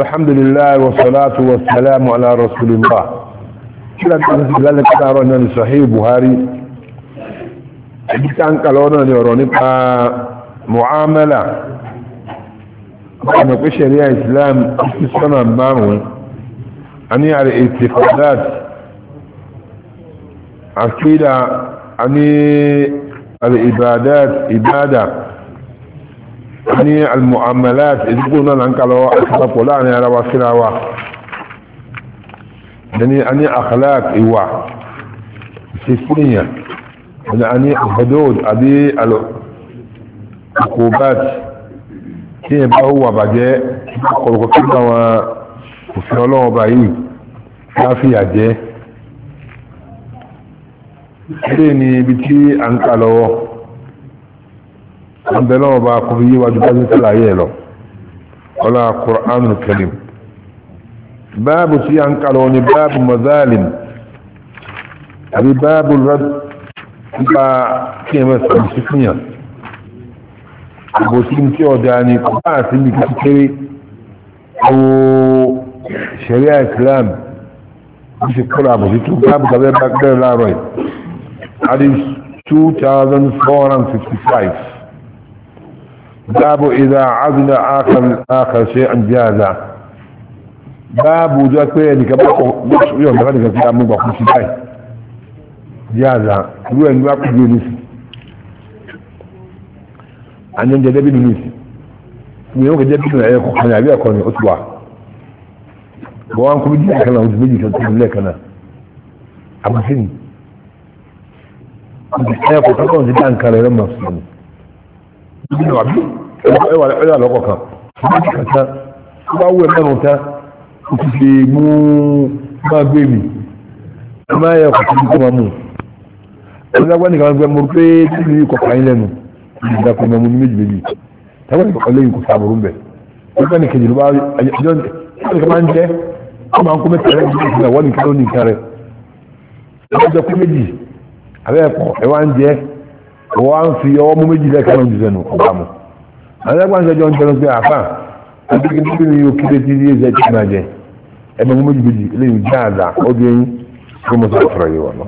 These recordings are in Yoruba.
الحمد لله والصلاة والسلام على رسول الله كلا ذلك كارونا لصحيح بخاري كان كالونا لوروني معاملة أنا في شريعة الإسلام في سنة المعنوي أني على الاتفاقات أكيدا أني على العبادات إبادة. ní almuamalat ìdíkò náà là ń kalọ́ àpapọ̀ láàrin ara wa síra wa dani a ní akhlaq ìwà ìsìnkúnyà dani a ní hudud àbí alkubat tí ẹ bá wà bàjẹ́ ọ̀pọ̀lọpọ̀ kí bá wọn òfin ọlọ́wọ́ báyìí láfíà jẹ́ ilé ni ibi tí a ń عند لما باقفية واجبات الآية ولا قرآن الكريم باب سيان قالوني باب مظالم أبي باب الرد كما سمسكنيا بوسيم تيو داني قبعة سمي كتيري أو شريعة إسلام مش كل أبو سيتو باب كذا باب لا روي حديث 2455 باب إذا عزل آخر آخر شيء جازا باب جاءت بيني كبقى يوم ده غادي كتير عمو بقى كل شيء جازا يوم بقى يونس عن جد بن يونس يوم جد بن عيق أنا أبي أكون أسبوع وأنكم بدي أكلنا وزبدي كنت لك أنا أبو سن أبو سن أبو سن أبو سن أبو سن nínú àbí ẹwà ẹwà lọ́kọ̀ kan ọmọdé kàtá tó bá wú ẹ mẹ́rùn ta ó ti fi mú máa gbé mi ẹ máa yẹ kòtò tó máa mú ẹni lágbá nìkan gbé mo pé tí mi kọ̀ọ̀kan yín lẹ́nu ìdí ìdá kan mọ́ ní méjì méjì tágbà nìkan lẹ́yìn kò sáàbùrù mbẹ̀ nígbà nìkan jùlọ bá ẹjọ́ nìkan máa ń jẹ́ ó máa ń kó mẹ́ta rẹ̀ nígbà ìgbà wọ́n nìkan ló nìkan rẹ̀ ẹjọ́ kó méjì àbẹ́ ẹ̀kọ́ ẹ̀ wá ń jẹ́ wọ́n á ń fi ọwọ́ mú méjì lẹ́kẹ́ lọ́nà jùlọ ọba mu alẹ́gbọ́n jọ ń tẹnu pé àfà àbíkí níbi ni òkè tí ilé ẹ̀ṣẹ̀ ti máa jẹ ẹgbẹ́ mú méjì méjì lẹ́yìn jẹ́ àdá ó di eyín fún yìí wọ̀nà.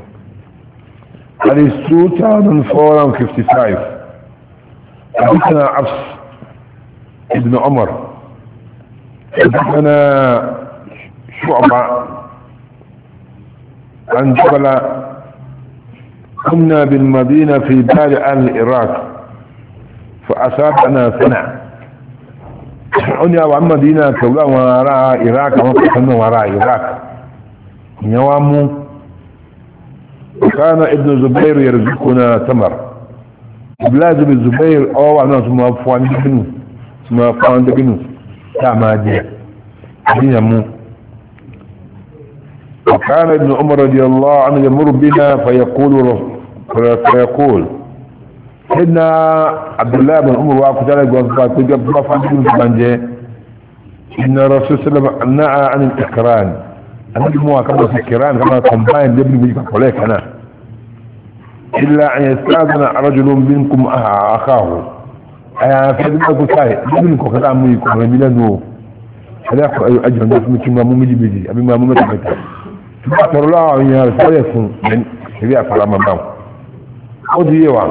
àti two thousand four fifty five àbíkana afs ibn omar àbíkana shu'ba an jabala قمنا بالمدينة في دار آل العراق فأصابنا سنة أني أبو عم مدينة كولا وراء العراق وفتحنا وراء العراق نوامو كان ابن الزبير يرزقنا تمر بلاد ابن الزبير أو أنا ثم أفوان دقنو ثم أفوان دقنو تعمى دي دي وكان ابن عمر رضي الله عنه يمر بنا فيقول فيقول سيدنا عبد الله بن عمر واقف على جوفا تجب بفا بن بنجه ان الرسول صلى الله عليه وسلم نهى عن الاكران انا مو كما في الكران كما كومباين ابن بيجي كوليك انا الا ان يستاذن رجل منكم اخاه انا فدمك كاي ابنك كذا مو يكون ميلانو هذا اجر من مثل ما مو مجي بيجي ابي ما مو متفق تبعت الله يا رسول الله من شريعه على مباو ó di أو wa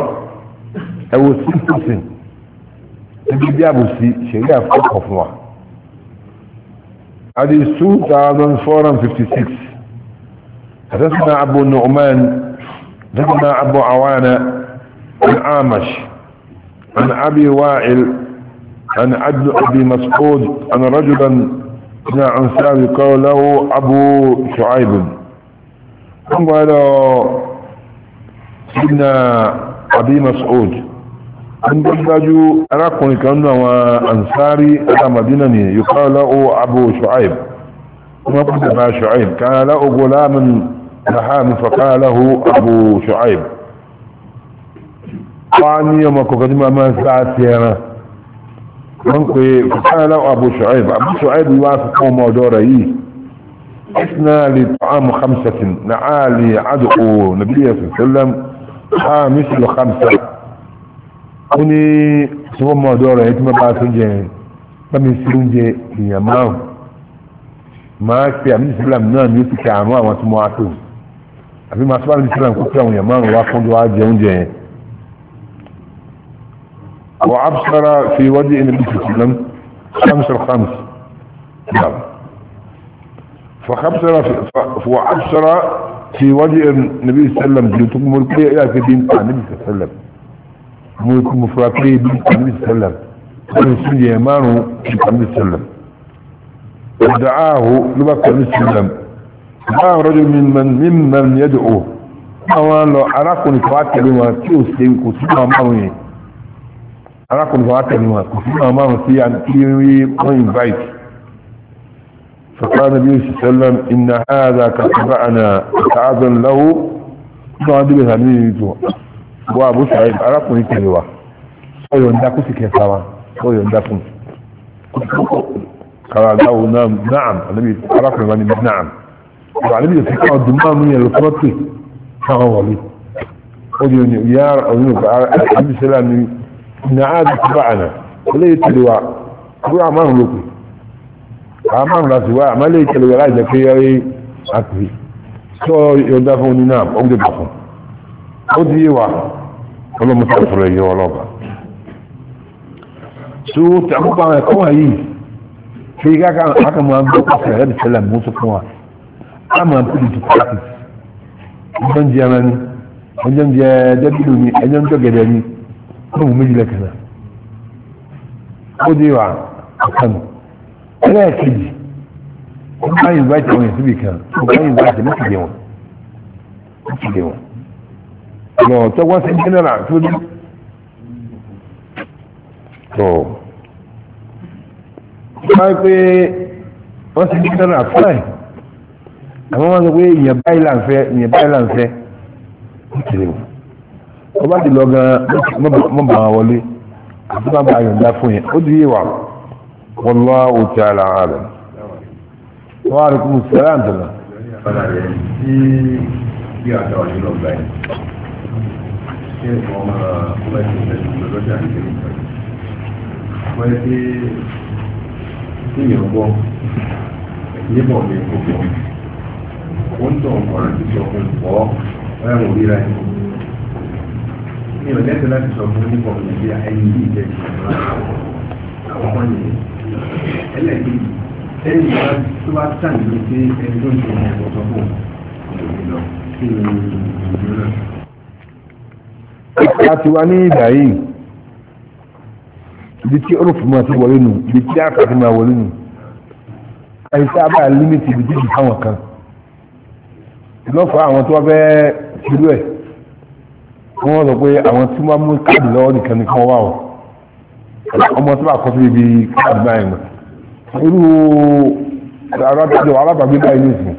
ẹ̀wọ̀ sí tòsìn níbi bí àbòsí ṣẹ̀rí àfọ́kọ̀ fún wa adi 2456 حدثنا أبو نعمان حدثنا أبو عوانة عن عامش عن أبي وائل عن عبد أبي مسعود عن رجلا من أنساب قال له أبو شعيب قال له سيدنا ابي مسعود ان بجاجو اراكم كانوا وانصاري على مدينه يقال له ابو شعيب ما ابو شعيب كان له غلام نحام فقال له ابو شعيب قال يوم كقدم ما ساتيرا من فقال له ابو شعيب ابو شعيب يوافق ما دوري اثنى لطعام خمسه نعالي عدو نبي صلى الله عليه وسلم خامس لخمسة أني سوى ما دورة يتم باسون جي بمن سيرون جي يا مام ما كي أمين سلام نام يوتي كعما واتمو عطو أبي ما سبحان الإسلام كتلا يا مام وافون دعا جيون جي وأبصر في وجه النبي صلى الله عليه وسلم خمس الخمس نعم فخبصر وأبصر في وجه النبي صلى الله عليه وسلم جلتكم ملكية إلى في دين النبي صلى الله عليه وسلم ملكم مفراقية دين النبي صلى الله عليه وسلم كان يسجي يمانه النبي صلى الله عليه وسلم ودعاه لبقى النبي صلى الله عليه وسلم دعاه رجل من من ممن يدعوه أولا لو أراكم فاتل ما تيوسي كسما مروي أراكم فاتل ما كسما مروي يعني كيوي وين بايت فقال النبي صلى الله عليه وسلم إن هذا كتبعنا تعاذن له قال لي هني تو وابو سعيد عرفني كلوا oyo ndaku sike sawa oyo ndaku قال له نعم نعم النبي عرف من نعم قال النبي في قاعد دمام من الفرطي فغولي قولي يا رب الحمد لله ان هذا تبعنا وليت لواء هو عمره لكم àmàrùn láti wá àmàlẹ́ ìkẹlẹ̀ láì jẹ́ pé yẹ́rí àti tó yọ̀dá fún ní náà ó gbé bàfún ó ti yé wa ọlọ́mọta ìfọ̀rọ̀ yọ ọlọ́ba tó tàbúkọ àwọn ẹ̀kọ́ wà yìí fi káka àkà máa ń gbọ́kọ̀ fẹ̀rẹ̀ rẹ̀ tẹ́lẹ̀ mú tó wa a máa ń pèlè tó pàtì ọjọ́ ń jẹ ara ni ọjọ́ ń jẹ dẹ́bìlì ni ẹjọ́ ń jọ gẹ̀dẹ̀ ni ó wù méjìlẹ̀ kan náà ó dé wa àkànnù ẹlẹ́ẹ̀kejì ó bá invite wọn síbi kan ó bá invite mọ́ síbi wọn mọ́ síbi wọn lọ tọ́gbọ́n sí general tó dé tó bá pé wọ́n sí general fine àwọn wọn sọ pé ìyẹn báyìí là ń fẹ́ ìyẹn báyìí là ń fẹ́ mọ́ síbi wọn wọ́n bá ti lọ gan-an mọ́ bá wọlé àti bá yọ̀ǹda fún yẹn ó di yé wa. والله تعالى عالم وعليكم السلام تمام níbọ̀ ní gbogbo ó ń tàn ọ̀rọ̀ ti sọ fún ọ̀ ẹ̀rùn ríra ẹ̀ ní ọ̀lẹ́sẹ̀ láti sọ fún níbọ̀ nàìjíríà ẹni yìí jẹ́ ìṣẹ̀lẹ̀ àkọ́kọ́ yẹn ẹlẹ́gbẹ̀ẹ́ ẹni tó wá tàn ní pé ẹni tó ń ṣe ìrìn àkọ́kọ́ bò lọ kí ni ìlú náà. a ti wá ní ìgbà yìí ibi tí orúfù máa ti wọlé nù ibi tí àkàtì máa wọlé nù àìsí abá límìtì ibi tí kì fáwọn kan lọ́fọ̀ọ́ àwọn tó wá fẹ́ ṣubú ẹ̀ wọ́n sọ pé àwọn tí wọ́n mú káàdì lọ́wọ́ nìkan nìkan wà wọ́n ọmọ tí wàá kọ́ sí ibi káàdì báyìí mọ̀ irú arábàjọ alábàgbé báyìí nìsín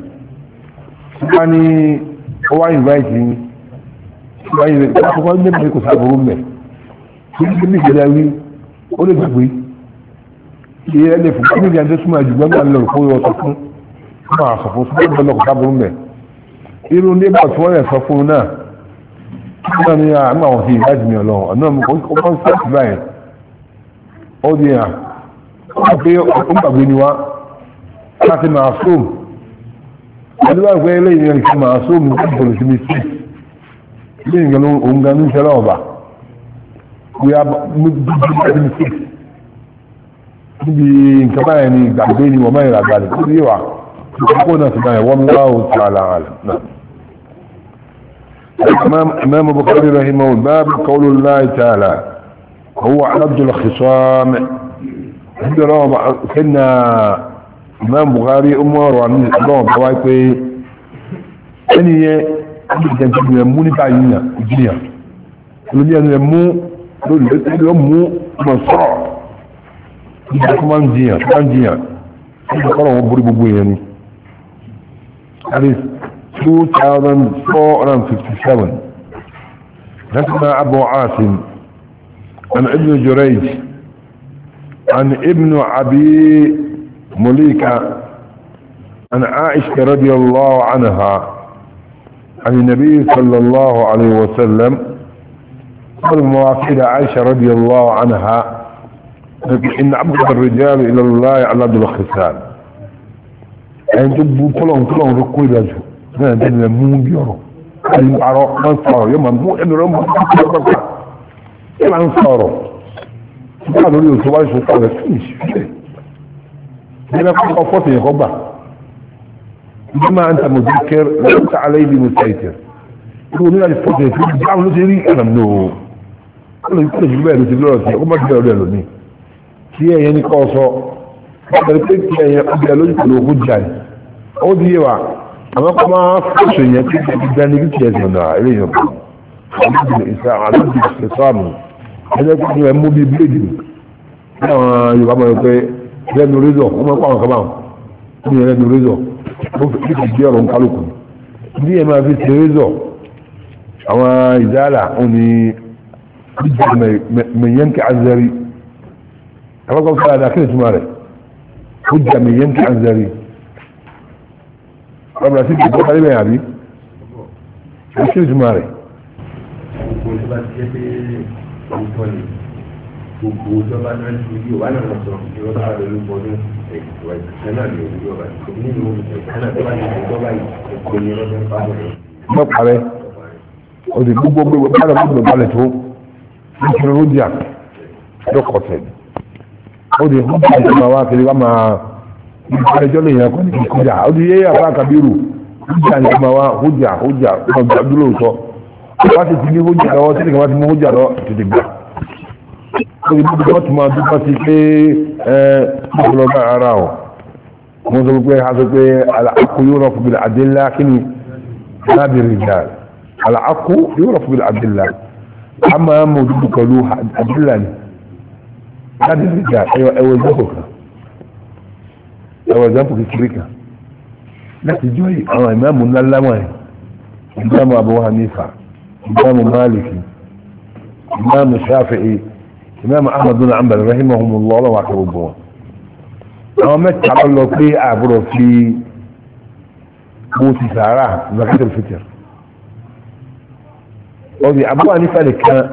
tí wọ́n ní ó wá invite yín tí wọ́n yẹ kí wọ́n fọwọ́ mẹ́rin kò sábòrò mẹ́ tí wọ́n ti bí ìṣẹ̀lẹ̀ wí ó lè gbàgbé kí ẹ lè fún mi ní ẹjọ́ súnmọ́ ẹ̀jú gbọ́ngàn ń lọ kó yọ ọ̀tọ̀ fún fún àwọn àṣọ fún súnmọ́ ẹ̀jọ́ kò sábòrò mẹ́ irú nígbà tí wọ́n yẹ sọ fún un ní ah, ó di hàn ó pé ó gbàgbé ni wá láti máa sóòm ẹlẹ́wà ìgbẹ́ eléyìí rẹ̀ kí máa sóòm ní ìbọ̀lù sí mi sí ilé ìgbẹ́ ló ń gan ní ìṣẹ́lẹ̀ ọ̀bà we are moving to 26 níbi nǹkan báyẹn ni ìgbàgbé ni wọ́n mẹ́rin àgbàlẹ̀ tó yíwa ìkókó náà ti báyẹn wọ́n wá ó ti àlà àlà náà imam bukari rahimahul báàbù kọlu láì tààlà هو عبد الخصام عبد الله كنا امام بغاري عمر وعن روما بوايكي اني عبد الجنب يمو نتاينا الدنيا الدنيا يمو دول يمو مصر كمان ديا كمان ديا قرأ وبري بوي يعني حديث 2457 رسم أبو عاصم عن ابن جريج عن ابن عبي مليكة عن عائشة رضي الله عنها عن النبي صلى الله عليه وسلم قال مواقيدة عائشة رضي الله عنها إن أبغض الرجال إلى الله على عبد الخسال يعني تبو كلهم كلهم ركوي لجو نعم تبو مو بيرو أي عراق مصر يوم مو إنه رمو là ń sọ̀rọ̀ nígbà lórí òtún wáyé sọ pọ̀ rẹ̀ fún ìṣẹ̀lẹ̀ nígbà kọ́kọ́ fọ́tò yẹn kọ́ gbà nígbà máa ń tàmù dúkẹ́ lọ́kà alẹ́ ibi mo tẹ̀tẹ̀ nígbà onílà ti fọ́tò yẹn fún ìgbà ló ti rí ẹ̀rọ mi o kọ́lọ̀ yìí kọ́lọ̀ yìí bẹ́ẹ̀ ló ti lọ́rọ̀ sí ọkọ́ mọ́tò bẹ́ẹ̀ lómi kí ẹ̀yẹ ní kọ́ sọ bẹ́ẹ̀ pé kí ẹ̀yẹ ọbẹ̀ yẹn kí ẹgbẹ́ kí ẹ mú bí bíléèdì ní àwọn yorùbá máa ń pẹ́ lẹ́nu rézọ̀ wọ́n máa ń pa àwọn kábàáwọn ní ẹlẹ́nu rézọ̀ ó fi kì í jẹ́ ọ̀rọ̀ nkálukú bí ẹ máa fi ṣe rézọ̀ àwọn ìdáàlà òun ni jíjẹ mẹ̀yẹ́ǹkì azẹ́rí àkọ́kọ́ fàlàdà kí ni túmọ̀ rẹ̀ ó jà mẹ̀yẹ́ǹkì azẹ́rí ọ̀rọ̀ sí kìí kọ́kọ́ lẹ́bẹ̀ẹ́ àbí ó kí ni túmọ̀ rẹ̀ àwùjọ ni gbogbo ìjọba náà ń ṣe yóò wá náà sọ ìjọba wà lórí bọdún ẹ̀kọ́ ẹ̀kọ́ náà lè rí ọba nínú ẹ̀kọ́ náà tó bá ní ìjọba yìí ẹ̀kọ́ ni wọ́n fẹ́ pa bọ̀. mọ parẹ ọdẹ gbogbo gbogbo bá lọ gbogbo balẹ̀ tó ń kiri rúdìà lọkọtẹ ọdẹ gbogbo ìjọba wa kiri wá máa ìgbàlejò lè yẹn kọ́ ní kíkújà ọdẹ yẹ àbá kabiru rúdìà ní ọmọ wa rúdìà rúdìà ọdẹ dúró sọ wá sì ti ní hójà lọ tí nìkan wá ti mú hójà lọ tètè gbà lórí bí wọ́n ti máa dúpọ́ sí pé ẹ mọ́sọ̀lọ́ bá ara ọ̀ mo sọ pé a sọ pé àlàákù yóò rọ̀ fúbi àdélá kí ni lábì rìjà àlàákù yóò rọ̀ fúbi àdélá a máa mọ̀ dúdú pẹ̀lú àdélá ni lábì rìjà ẹwọ ìjọ́kọ̀ kan ẹwọ ìjọ́kọ̀ kékeré kan láti jọ́ àwọn ìmáàmù ńlá láwọn ẹ̀ ìmáàmù Abu Hanifa امام مالك امام الشافعي امام احمد بن عمر رحمهم الله الله وعكب البوان امامت تعملوا فيه اعبروا فيه موسي سعراه زكاة الفتر وذي ابو عني فالك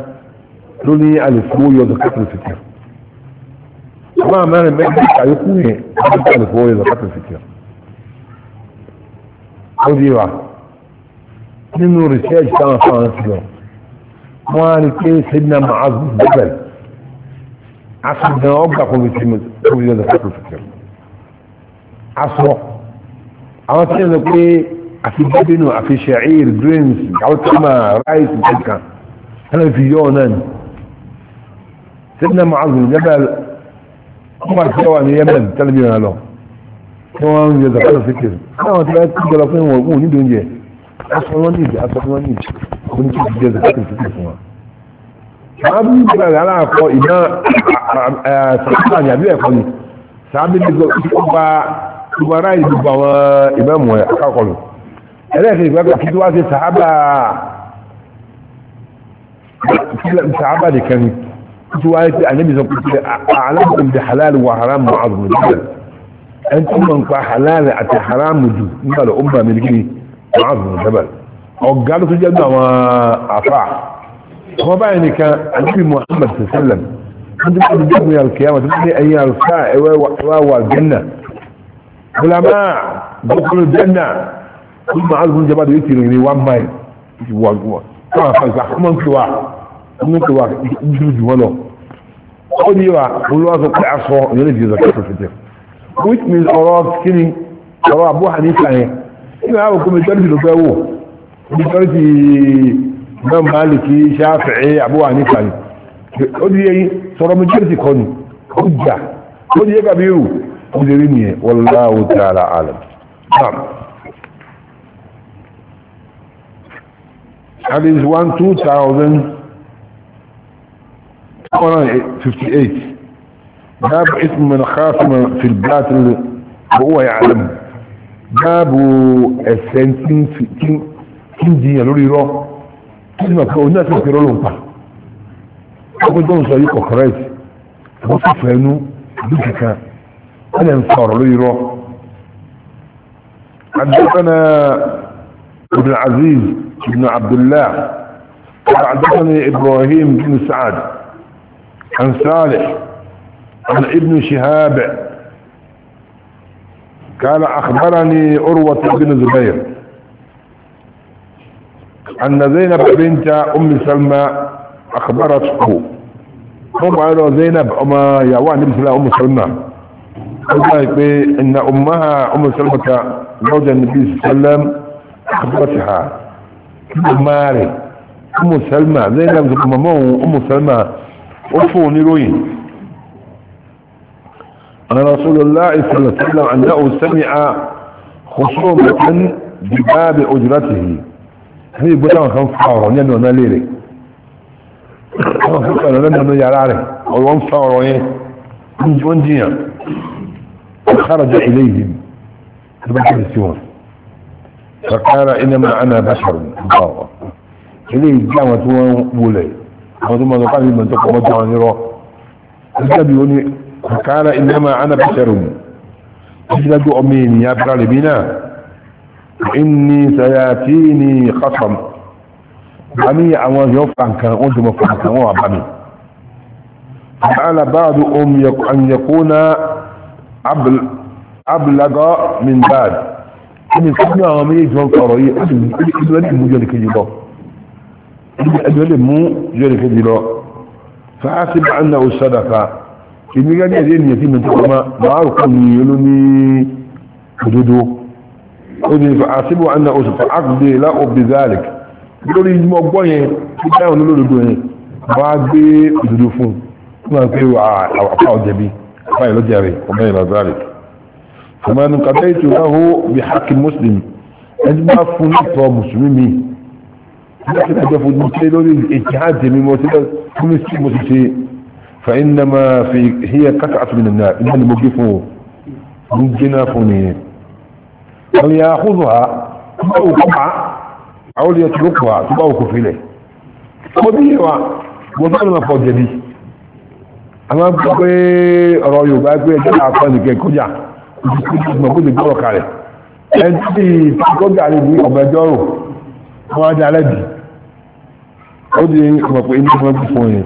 لوني الاسمو يو زكاة الفتر ما مانا ما يجيش عيقوني ابو عني فالك يو زكاة الفتر وذي واحد nínú research táwọn fáwọn sílọ wọ́n á rí pé sẹ́dínà ma'az bẹ́bẹ̀l asìdán ọgbà kò fi kò fi lọ́dọ̀ fún fìkẹ́ asọ àwọn tí wọ́n pé àfi bẹ́bínú àfi sha'ir grains gautama rice nǹkan ẹnlẹ́ fi yọ náà ni sẹ́dínà ma'az bẹ́bẹ̀l ọmọ àti ẹwà ní yemen tẹ́lẹ̀ bí wọn lọ tí wọ́n ń yọ zakato fìkẹ́ àwọn tí wọ́n ti gbọ́dọ̀ fún ìwọ̀n ògùn nídìí oúnjẹ aṣọ wọn nìyí aṣọ wọn nìyí wọn ti di ẹsẹ láti fi fún wa. sàábì nígbà rẹ̀ aláàkọ iná sàábà ní àbí ẹ̀kọ́ ni sàábì nígbà ìgbà ìgbà ráì gbogbo àwọn ìbámu ẹ̀ akákọlù ẹlẹ́ẹ̀kẹ́ ìgbà kí tí wá sí sàábà sàábà nìkan ni tí wá sí ànábì sọ pé aláàkùn di halal wa haram mu àrùn nìkan ẹni tí wọn pa halal àti haram jù nígbà lọ ó ń bà mí nìkan معاذ بن جبل وقالوا في الجنة وعفاع هو بقى يعني كان النبي محمد صلى الله عليه وسلم عند بعض الجنة من القيامة تبني أيها الساعة والجنة علماء دخلوا الجنة كل معاذ بن جبل يتي لغني وان ماي كما فلسا من كوا من كوا يجب جواله قد يوا قلوا أصبح عصر يلي في زكاة الفتر which means أراض كني أراض أبو حنيفة nínú àwọn kò mẹjọ́rìtì ló fẹ́ wò mẹjọ́rìtì náà Málìkì Ṣáfi'í Abu Hanifa ni ó di yẹn sọ̀rọ̀ mẹjọ́rìtì kọ́ ni ó jà ó di yẹn kàbí rù ó di rí nìyẹn wallahu ta'ala alam naam hadith one two thousand two hundred fifty eight باب اسم من خاصم في الباطل وهو يعلمه dáàbò ẹ̀sẹ̀ tí ń jiyàn lórí irọ́ tí ó máa oní àti ìpínlẹ̀ olóńpa ọgbẹ́jọ́ ń sọ yìí kọ̀kọ̀rẹ́t wọ́n sì fẹ́ ẹnu ìlú kankan wọ́n lè ń fa ọ̀rọ̀ lórí irọ́ حدثنا ابن عزيز بن عبد الله حدثني ابراهيم بن سعد عن صالح عن ابن شهاب قال أخبرني أروة بن زبير أن زينب بنت أم سلمى أخبرته هم قالوا زينب أما يوان مثل أم سلمى قالت إن أمها أم سلمة زوج النبي صلى الله عليه وسلم أخبرتها ماري أم سلمى زينب أمه أم سلمى أفوني روين أن رسول الله صلى الله عليه وسلم أنه سمع خصومة بباب أجرته هذه بطان كان فاورا لأنه أنا ليري أنا لأنه يعلاري والوان فاورا من جيا خرج إليهم تبقى السيوان فقال إنما أنا بشر الله إليه جامعة ولي وثم قال من تقوم جاني الجبيوني فقال إنما أنا بشر أجلد أمين يا بنا وإني سياتيني خصم أمي أوان يفعن كان قلت مفعن كان وعبامي فقال بعض أم أن يكون أبل أبلغ من بعد إني يكون أمي يجوان قرأي أدوالي مو جلك جلو أدوالي مو كي جلو فحسب أنه صدقه èmi gẹ́gẹ́ bí ènìyàn tí mo ti kọ́ máa máa rò kọ́ ní olú ní òdodo ó ní fa àṣìbò àna oṣù fa àkùdé láò bí zalik lórí mọ́ gbọ́ yẹn tó dáhùn lólódodo yẹn bá gbé òdodo fún un máa pé àpá ọ̀jẹ̀bi àpá ìlọ́jà rẹ̀ ọmọ ìlà zalik fọmọ ẹnu kàtẹ́ ètò ìwáhó bí hakim muslim ẹni bá fún ìtọ́ mùsùlùmí mi láti dájọ́ fojú pé lórí ètì فإنما في هي قطعة من النار إنها المجفون مجنا فونين يأخذها تبقى قطعة أو ليتركها تبقى كفلة ودي وظلم فوجدي أما بقي رأيو بقي جلع فانك كجع ما كنت بقولك عليه أنت تقول عليه أبجاره ما جعل دي ودي ما قلت ما قلت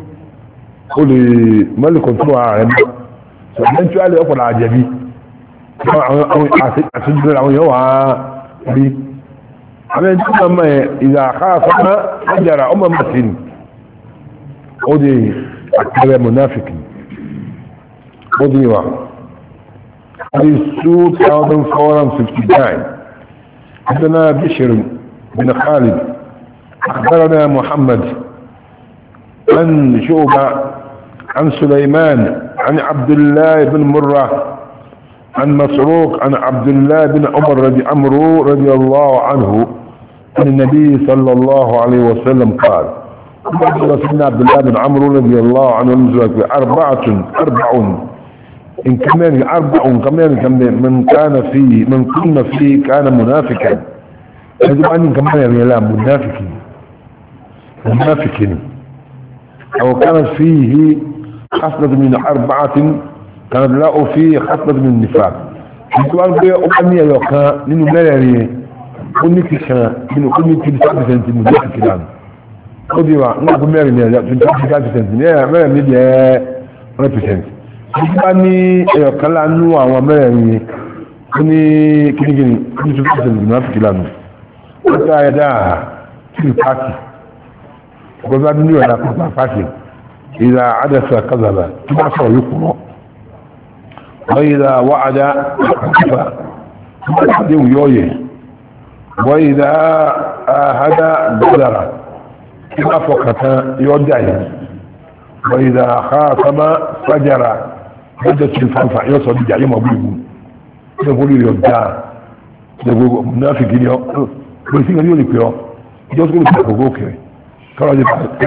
قولي ملك سوى عالم سبحان شو قال لي أقول عجبي أسجل العون إذا خاف أجر أما مسين قولي منافق قولي وعى قولي السوء تعوضا فورا في ابتداعي حدنا بشر بن خالد أخبرنا محمد أن شعب عن سليمان عن عبد الله بن مرة عن مسروق عن عبد الله بن عمر رضي عمرو رضي الله عنه عن النبي صلى الله عليه وسلم قال رسولنا عبد الله بن عمرو رضي الله عنه أربعة أربع إن كمان أربع كمان كمان من كان فيه من كنا فيه كان منافقا يجب أن كمان يعني لا منافقين منافقين أو كان فيه خصلة من أربعة كانت لا في خصلة من النفاق ìgbọ́n pé ó bá ní ẹ̀yọ̀ kan nínú mẹ́rẹ̀ rí ó ní kì kan nínú ó ní kìí sáà pìsẹ̀ntì mú láti kìí dànù ó di wa ní ọgbọ́n mẹ́rin ní ẹ̀yọ̀ tó ti sáà pìsẹ̀ntì ní ẹ̀yọ̀ mẹ́rin ní ẹ̀yọ̀ rẹ̀ pìsẹ̀ntì ó bá ní ẹ̀yọ̀ kan lánú àwọn mẹ́rẹ̀ rí ó ní kìnnìkìnnì ó ní tó pìsẹ̀ntì mú láti kìí dànù ó ta ẹ̀dá kìí pàkì ọgbọ́n bá ní ìwà إذا عدس كذب تبعثر يقرأ وإذا وعد كفى تبعثر يويه وإذا آهد بدر تبعثر يودعي وإذا خاطب فجر بدت الفنفع يوصل بدعي مبيه يقول يودع يقول منافق يقول يقول يقول يقول يقول يقول يقول يقول يقول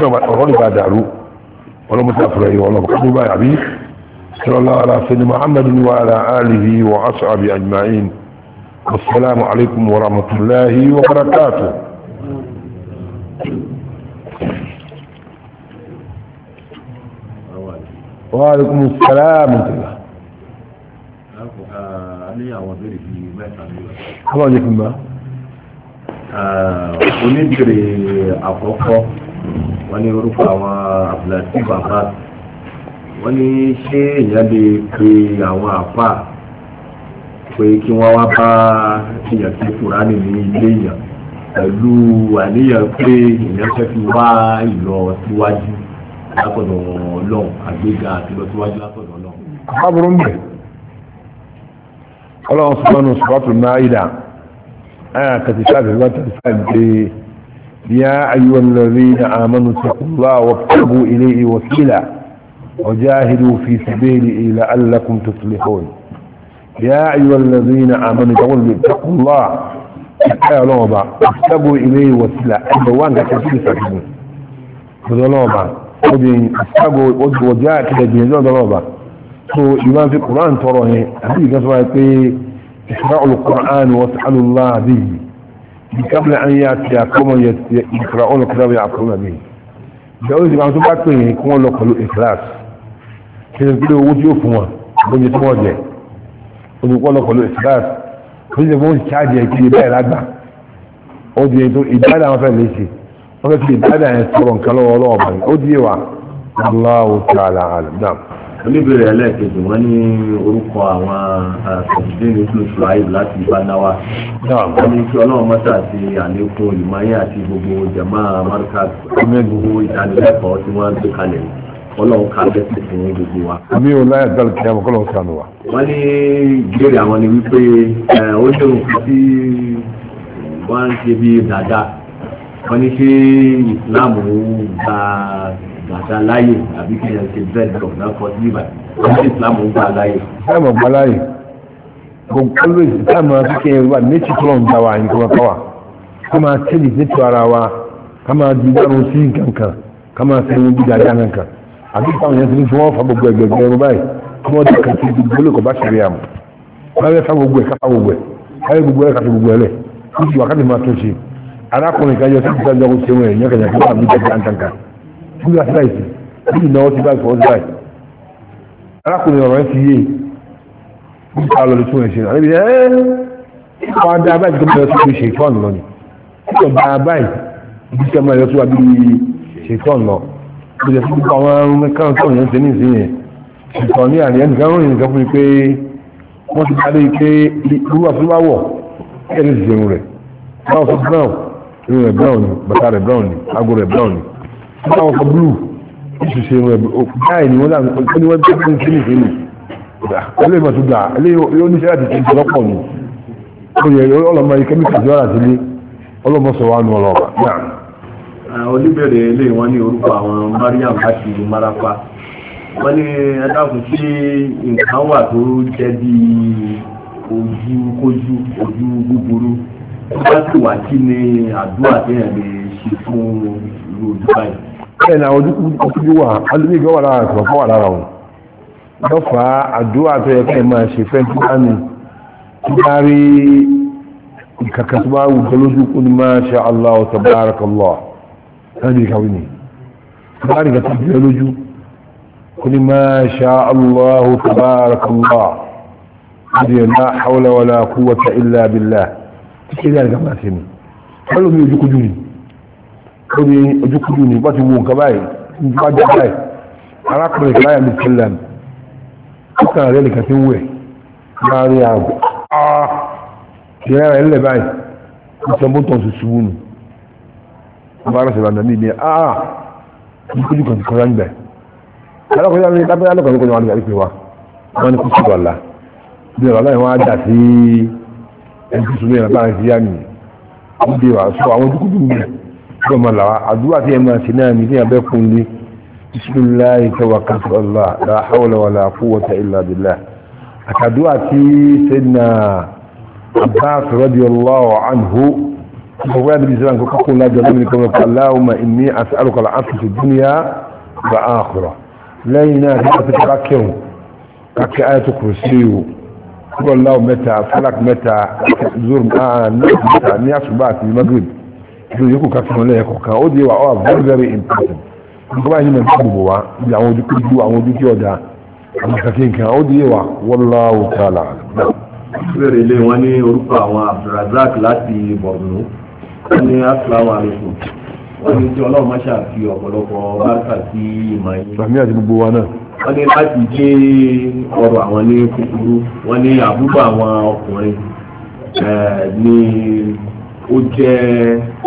يقول يقول يقول ولم والله ولم بايع يعبيك صلى الله على سيدنا محمد وعلى آله وأصحابه أجمعين والسلام عليكم ورحمة الله وبركاته وعليكم السلام ورحمه الله kí n wọ́n ní orúkọ àwọn àbùlàtí bàbá wọ́n ní ṣé èèyàn lè pe àwọn àpá pé kí wọ́n wá bá èèyàn tí fúránì ní ilé èèyàn pẹ̀lú àníyàn pé èèyàn fẹ́ fi wá ìlọ síwájú látọ̀dọ̀ ọlọ́run àgbéga àti lọ síwájú látọ̀dọ̀ ọlọ́run. àbúrò ń bẹ̀ ọlọ́run sọ̀rọ̀ nù sọ̀rọ̀ tó náà yìí dà áyà kàtìsáàbì يا أيها الذين آمنوا اتقوا الله وابتغوا إليه وسيلا وجاهدوا في سبيله لعلكم تفلحون يا أيها الذين آمنوا اتقوا الله اتقوا وابتغوا إليه وسيلا أدوان كتير سكين بذلوبة اتقوا وجاهدوا في سبيله بذلوبة so iman fi Qur'an toro he abi gaswa pe ishra'ul Qur'an was'alullah قبل أن ياتي قوم يقرؤون الكتاب ويعقلون به جاوز يبقى عندهم بقى كوين يكون له قالوا إخلاص كده يقولوا وجهوا فما بني تواجه ويقول له قالوا إخلاص كده بقول شاجع كده بقى الأدبع ودي يقول إبادة ما فعل ليش وقت إبادة يسترون كلوا الله وبعد ودي الله تعالى عالم نعم oníbèrè ẹlẹ́ẹ̀kejì wọ́n ní orúkọ àwọn àtẹ̀jídé ní fúlùfù ayé láti ìbánáwá wọ́n ní kí ọlọ́run mọ́tà àti àlékún olùmọ̀ọ́yé àti gbogbo jẹ̀má amárúkà gbogbo ìdánilẹ́kọ̀ọ́ tí wọ́n ń gbé kalẹ̀ ọlọ́run ká lẹ́sẹ̀ fún gbogbo wa. mi ò láyà dá lókè àwọn kọ́lọ́run sànù wa. wọ́n ní ìbéèrè àwọn ni wípé ó ní nǹkan tí wọ́n ń ṣe bí dáadáa wọ́n ní ṣé bàtà láyè àbí kí ẹ ṣe dreadlock náà fọ sí ibà àbí islam ń gbà láyè. islam ọgbà láyè gbogbo always islam náà fi kí ẹ wà méjì kúrò ń gbà wá ní kúrò káwà ká máa tẹ́lẹ̀ nítò ara wa ká máa di dárò sí nǹkan kan ká máa sẹ́yìn bí dáadáa nǹkan kan àbí táwọn yẹn ti ní fi wọ́n fa gbogbo ẹgbẹ̀gbẹ̀ ẹ̀rọ báyìí kí wọ́n ti kàn sí gbogbo lè kọ́ bá ṣe rí àmọ́ wọ́n fẹ́ fa gbogbo ẹ̀ ká fa gbogbo ẹ̀ káyé gbogbo ẹ̀ ká fi gbogbo ẹ̀ lẹ̀ kí wákàtí máa tó ṣe arákùnrin kan yọ sí ìgbàjọ́ kó ṣe wọn ẹ̀ yẹ́kẹ̀yẹ́ kí wọ́n àmì ìjọba àǹtàǹkà fúlù àti láìsí bí ìnáwó ti báyìí fọ́ọ́sì báyìí arákùnrin ọ̀rọ̀ ẹ ti yé bí ká lọ lè tún ẹ̀ṣẹ̀ náà níbi ẹ́ ìkọ̀ adá báyìí tó mẹ́rin tó ṣe ìtọ́n lọ ni ìkọ̀ bá báyìí bí ká mẹ́rin tó wà bí ṣe ìtọ́n lọ bí ṣe fún àwọn arún mẹ́kàn tó yẹn ṣe ní ìsinyìí ìtọ̀ ní àní ẹnìkan ròyìn nǹkan fún mi pé wọ́n ti parí pé irú àfúláwọ̀ ẹ̀rí ìṣẹ̀rù rẹ̀ báwọn fún brown irun rẹ̀ brown ni bàtà rẹ̀ brown ni ago báwọn kan blue oṣù ṣe wọn báyìí ni wọ́n dà ó ní wọ́n tó kún sí nìkan nù ẹlẹ́yìn mọ̀ tó gbà ẹlẹ́yìn ó ní sẹ́yà ti tẹ̀sí lọ́pọ̀ nù ó yẹ ọlọ́mọ yìí kẹ́míkà jọ́ àti ilé ọlọ́mọ sọ wà nù ọlọ́ọ̀bà náà. oníbẹ̀rẹ̀ ilé wọn ní orúkọ àwọn Mariam láti ìlú Marapa wọ́n ní ẹ̀dáàkùn sí nǹkan wà tó jẹ́ bí ojú kójú ojú búburú tó bá sì wá kí ni àdúrà tẹ́yàn lè ṣe fún irú ojú báyìí bẹ́ẹ̀ ni àwọn ojúkú tó wà alúgbé gan wà lára àtùmọ̀ fún wà lára wọn lọ́fà àdúrà tó yẹ kẹ́ máa ṣe fẹ́ tó bá ní tó bá rí ìkàkà tó bá wù tó lójú kú ní máa ṣe Allah tabarakallah sáàbì ìkàwé ni tó bá rí ìkàkà tó yẹ lójú kú ní máa ṣe Allah tabarakallah láti yẹ la hawla wala quwwata illa tí kí ní máa ṣe ni lórí ojúkúrú ní wọ́n ti wo nǹkan báyìí nípa jẹ́ báyìí arákùnrin kan láyà ní tẹ́lẹ̀ mi ó kàn rẹ̀ nìkan tí ń wẹ̀ máa rí àgbẹ̀ áá ìrẹ́ rẹ̀ ńlẹ̀ báyìí ó sọ bó tọ̀ ṣùṣù wù nù ọba arásẹ̀ ìbàdàn nàbí ni áá ojúkúrú kan ti kọjá níbẹ̀ alákọ̀ọ́jà mi lábẹ́ alákọ̀ọ́jà mi kọjá wọn nígbà pé wa wọn ni kó sì wà lá bí ọ̀la yẹn wọ́n á dà sí ẹni tó sọ ọmọ làwà àdúrà tí ẹ máa ṣe náà ní ní abẹ́kùn lé bisimilayi tawakkaltu allah la hawla wala quwwata illa billah àtàdúrà tí sayyidina abbas radiyallahu anhu gbogbo àti bí sẹ́nà kọ́kọ́ kún lájọ lómi kọ́mọ kọ́ allahumma inni as'aluka al-afwa fi dunya wa akhirah lẹ́yìn náà ní àti kákẹ́hùn kákẹ́ ayatu kursi o kúrò láwù mẹ́ta falak mẹ́ta zurum náà mẹ́ta ní àṣùbà àti magrib ju yòókù ká fún ọlẹ́yẹ kọ̀ọ̀kan ó di wa all very very important nǹkan báyìí nínú ẹ̀ka gbogbo wa ibi àwọn ojú kúrú ju àwọn ojú tí ọ̀dà àwọn kàkẹ́ nǹkan ó di wa wallahu ta'ala. ìbéèrè ilé wọn ní orúkọ àwọn Abdulrazak láti Borno wọn ní asalaamu alaykum wọ́n ní tí ọlọ́run máa ṣàfi ọ̀pọ̀lọpọ̀ bárkà sí ìmọ̀ yìí. sàmì àti gbogbo wa náà. wọ́n ní láti gé ọrọ̀ àwọn ní kúkúrú wọ́n ní àbúrò àwọn ọkùnrin eh, ní ó jẹ́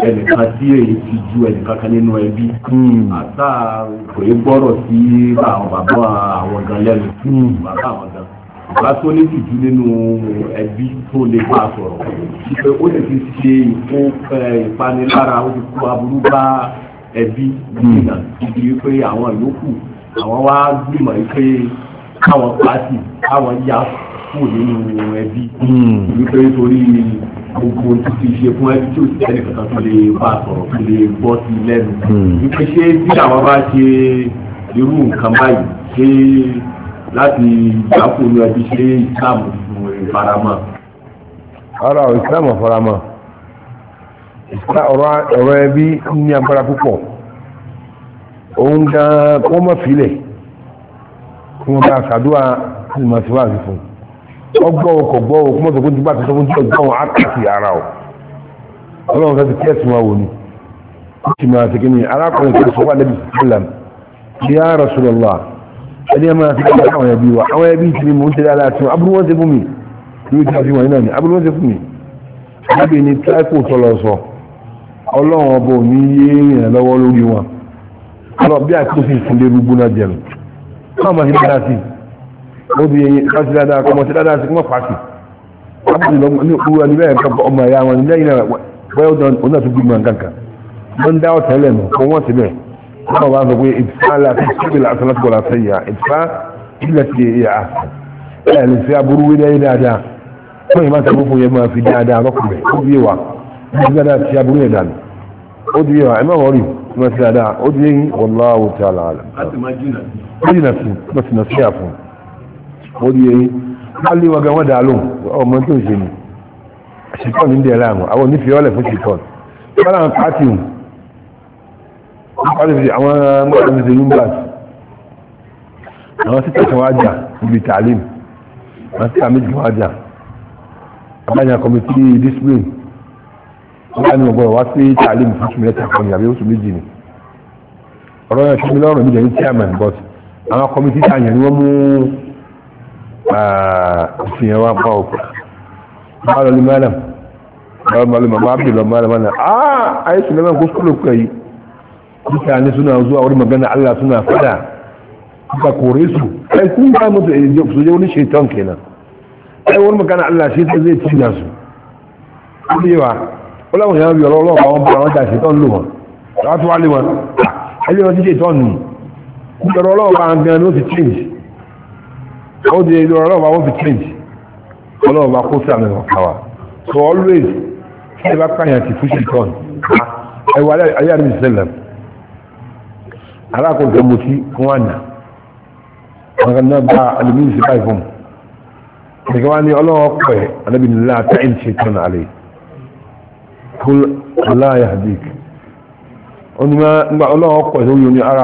ẹnìkan tí èyí ti ju ẹnìkan kan nínú ẹbí hmm. àtà kò é gbọ́rọ̀ sí àwọn bàbá àwọn gan lẹ́nu hmm. bàbá àwọn gan bàbá tó ní jùjú nínú ẹbí tó lè bá a sọ̀rọ̀ pé ó sì ti ṣe ìpanilára ó ti kó aburú bá ẹbí gbìyànjú ibi pé àwọn yòókù àwọn wá gbìmọ̀ pé káwọn pàtì káwọn yá kú nínú ẹbí wípé hmm. nítorí gbogbo tó ti ṣe fún ẹbí tí ó ti tẹ́lẹ̀ kankan tó lè bá sọ̀rọ̀ tó lè bọ́ sí lẹ́nu hmm. wípé ṣé bí àwọn bá ṣe irú nǹkan báyìí ṣé láti ìgbàkú ní ẹbí ṣe islam ìfaramọ́. ara islam ìfaramọ́ ọ̀rọ̀ ẹbí ní agbára púpọ̀ òun gan kó mọ̀ fílẹ̀ kí wọ́n bá ṣàdúrà kí wọ́n máa ṣe wáàsí fún un ọgbọ́ ọkọ̀ gbọ́ ọkọ̀ mọ́tò kó dùgbà tuntun tó gbọ́n àkàtì ara ọ̀ ọlọ́run fẹ́ ti kẹ́sùn wa wò ni ó sì máa fi kíni arákùnrin kan sọ wà lẹ́bi sílẹ̀ ní yá Rasulullah ẹni ẹ máa fi kíni àwọn ẹbí wa àwọn ẹbí ti ni mò ń tẹ̀lé ara ti wọn abúlé wọn ti fún mi ní ìta fi wọn náà ni abúlé wọn ti fún mi níbi ni tíráìpù tọlọ sọ ọlọ́run ọba ò ní yé èèyàn lọ́wọ́ lórí wọn ọlọ́ bí àkóso ìfúnlẹ̀ rúgbó náà jẹun káwọn máa fi dára sí i lóbi láti dáadáa kọmọ sí dáadáa sí kọmọ pàṣì láti lọ ní òwúrọ̀ níbẹ̀ nǹkan ọmọ ẹ̀yà wọn nílẹ̀ yìí náà wẹ́ẹ̀ dán òun náà tún gbígbà nǹkan wọ́n ń dá ọ̀tẹ̀ lẹ́nu kó wọ́n ti bẹ̀ wọ́n bá sọ pé ìtìfá láti síbi láti láti kọ̀ láti yà ìtìfá ilẹ̀ ti yà ẹ̀ lè fi aburú wí lẹ́yìn dáadáa wọ́n yìí máa tẹ̀ fún yẹn máa fi dáadáa lọ́kùnrin ó di wa ó di dáadáa ti àlàálẹ̀ ó di eyín wọ́n lé wọn gan wọ́n dà á lóhùn ọmọ tó ṣe ni ṣìtọ́ọ̀nù ń dẹ̀ra àwọn àwọn onífẹ́ ọ̀lẹ̀ fún ṣìtọ́ọ̀nù wọ́n làwọn pàtì hùn wọ́n fi àwọn mọ́tò ṣe yúmbàs àwọn títà kan wá jà níbi tàlímù àwọn títà méjì kan wá jà àbájá kọmitì discipline wọ́n ní ọgbọ́n wá sí tàlímù fún oṣù mẹ́ta kan ní àbí oṣù méjì ni ọ̀rọ̀ yẹn ṣe mi lọ́rùn mi ní chairman but àwọn kọmitì tàyẹ̀ ni wọ́n mú Ah, ìfihàn wa bá òkú bá lọ ní mẹ́lẹ̀m bá lọ ní màmá bí lọ mẹ́lẹ̀m ah, náà àà ayé sinimá kó kúrò kúrò yìí duka ne suna zuwa wani magana Allah suna fada suka kore su ai kun ga mutu su je wani shaitan kenan ai wani magana Allah shi zai cinna su kulewa wala wani ya biyo lọ́wọ́ àwọn ah, bá wọn da shaitan lò wọn láti wà lè wọn ai wọn ti shaitan ni kúkẹrọ lọ́wọ́ ó di ilé ọlọ́ọ̀bá wọ́n fi change ọlọ́ọ̀bá kó sí so always kí ẹ bá ti fúṣì kan ẹwà ayé àdúgbò sẹlẹ̀ alákòókò mo ti kún wà nà wọn kan náà bá alumíní sí báyìí fún mi kí wọn ní ọlọ́wọ́ pọ̀ ẹ̀ alábì nílá àtàyìn ṣe tán àlè aláyà dìk ara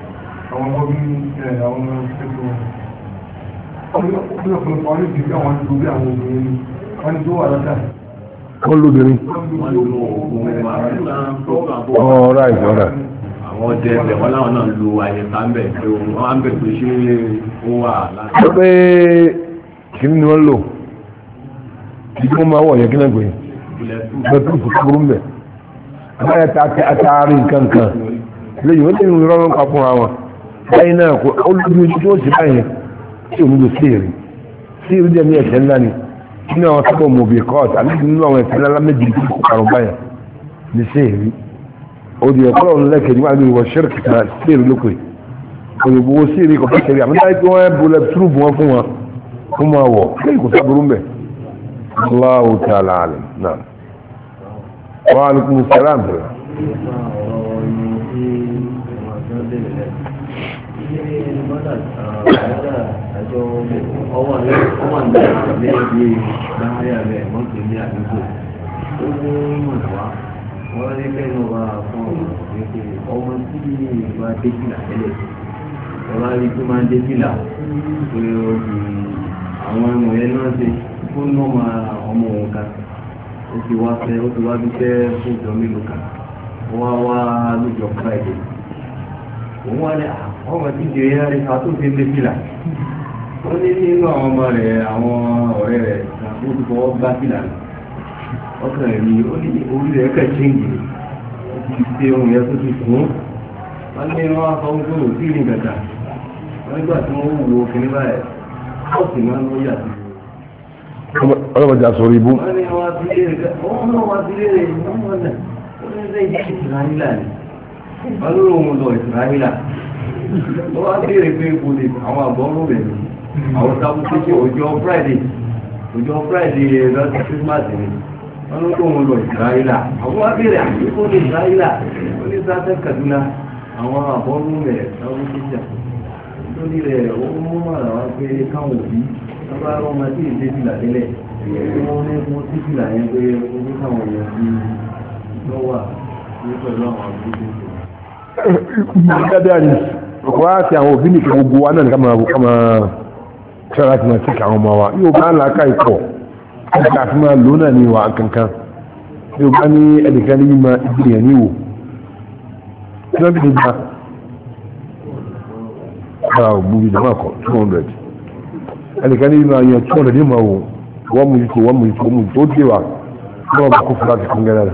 àwọn ọmọ bí àwọn ọmọ ìṣẹ́kọ̀ọ́ ọdún ọ̀pọ̀lọpọ̀ ọdún ìdíkẹ́ àwọn ìdúgbò bí àwọn obìnrin wọn ni tó wà lọ́dà kọ́ lóbìnrin. ọ̀rá ìjọra. àwọn ọdẹ ẹgbẹ́ wọn láwọn náà lu àyẹ̀ká ń bẹ̀ pé wọ́n á ń bẹ̀ pé ṣé ó wà láti. ó pé kí ni wọ́n lò kí wọ́n máa wọ̀ yẹn kí náà gbé bẹ́tú fúkúrú ń bẹ̀. àbáyọ̀ ta àtàrí nǹkan kan lẹ́yìn wọ́n tẹ̀lé ìrọ̀rùn papọ̀ àwọn báyìí náà kò olójú ojú tó ti báyìí tí òun ló síèrè síèrè jẹ́ ní ẹ̀ṣẹ̀ ńlá ni nínú àwọn sábà mọ̀bì kọ́ọ̀tù àbí nínú àwọn ẹ̀ṣẹ̀ ńlá méjì tó kò kàrọ̀ báyà ní síèrè òdì ẹ̀kọ́ ọ̀run lẹ́kẹ̀ẹ́ níwájú àgbègbè wọ̀ ṣẹ́rì kìtà síèrè lóko òyìnbó síèrè kò fẹ́ kẹrì àmì láì pé wọ́n bu lẹ́túrù bù wọn fún wọn fún wọn wọ̀ kí kò sábúrú mbẹ̀ Allahu ta'ala alim náà wàhálùkùn sàlámù ọwọ́ rẹ̀ ọwọ́ rẹ̀ lẹ́yìn láàárín rẹ̀ mọ́tòlé àdúgbò ó ní ìmọ̀nà wa wọ́n rí lẹ́nu wa fún ọmọ tí ìwà débìlà tẹ́lẹ̀ ọba rí tó máa débìlà pé ó di àwọn ọmọ yẹn náà ṣe fún nọ́ọ̀mà ọmọ òun kan ó ti wá fẹ́ ó ti wá bí fẹ́ fún ìjọ mélòó kan wọ́n wá lójọ friday òun wá ní àwọn ọmọ tí jẹ yẹn rí tó fi lé fìlà ó ní nínú àwọn ọmọ rẹ̀ àwọn ọ̀rẹ́ rẹ̀ ó bá fìlà ọkàn rẹ̀ ni ó ní orí rẹ̀ kẹ̀ ṣéǹgì ó ti ṣe ohun yẹn tó ti kún wọ́n ní wọ́n á fọwọ́ tó sí ní gàgà wọ́n nígbà tí wọ́n wù ó kiri báyìí ó sì máa ń lọ yà sí ọlọ́bàjá wọ́n ní wọ́n ti lé rẹ̀ náà wọ́n ti lé rẹ̀ náà wọ́n ní tó wá kéré pé ipò lè àwọn àbọ̀rún rẹ̀ àwọn sábú tó ṣe ọjọ́ friday ọjọ́ friday lọ́sí christmas rẹ̀ wọ́n ló tó wọn lọ ìsirayílà àwọn wá bèrè àti ipò lè ní kaduna àwọn àbọ̀rún rẹ̀ sábú tó ṣe lórí rẹ̀ ó mú màrà pé káwọn òbí sábà ọmọ tí ì ní ọkọ̀ àti àwọn òbí nìkan gbogbo wa náà nìkan máa kama ṣọ́ra ti máa sí àwọn ọmọ wa yóò bá làákà ìpọ̀ nígbà tí máa lò náà ní ìwà kankan yóò bá ní ẹnìkan ní ma ìgbìyàn ní ìwò tí wọ́n bí nígbà ara ògbúbi ìdámà 200 ẹnìkan ní ma yan 200 ní ma wò wọ́n mú ìtò wọ́n mú ìtò wọ́n mú ìtò ó dé wa wọ́n bá kó fúlá ti kún rẹ̀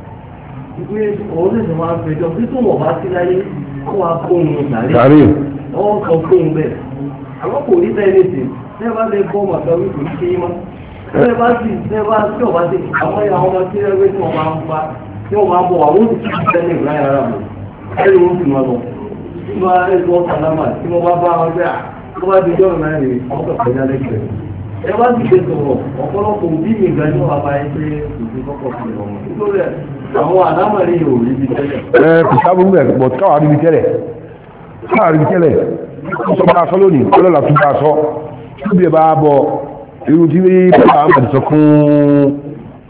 ìwé òun lè máa gbẹjọ àwọn kò rí bẹ́ẹ̀ lè dè bẹ́ẹ̀ bá lè bọ́ ọmọ àgbà wípé kí í mọ́ bẹ́ẹ̀ bá sì bẹ́ẹ̀ bá sí ọ̀bá sí àwọn ẹ̀yà ọmọ tí ẹgbẹ́ tí wọ́n máa ń fa tí wọ́n máa bọ̀ àwọn òsì tẹ́lẹ̀ ìgbàlẹ̀ ara mọ̀ ẹ̀rù ń fi wọn lọ tí wọ́n á ẹ̀sùn lámà tí wọ́n bá bá wọn bẹ́ẹ̀ tó bá di jọ́ọ̀rọ̀ náà rèé ọkọ̀ pẹ̀lú ẹgbẹ́ ẹ bá sì ṣe sọ̀rọ̀ ọ̀pọ̀lọpọ̀ òbí mi ìgbàlẹ̀ wọn bá bá ẹ pé òbí kọ́kọ́ fi ọmọ àwọn àlámọ̀rí yóò rí bí tẹ́lẹ̀. ẹ kò sábà ń bẹ̀ pọ̀ káwà rí bí tẹ́lẹ̀ káwà rí bí tẹ́lẹ̀ sọ bá aṣọ lónìí ọlọ́lá tún bá aṣọ tóbi ẹ̀ bá bọ̀ irú tí bàbá àmàdì sọ fún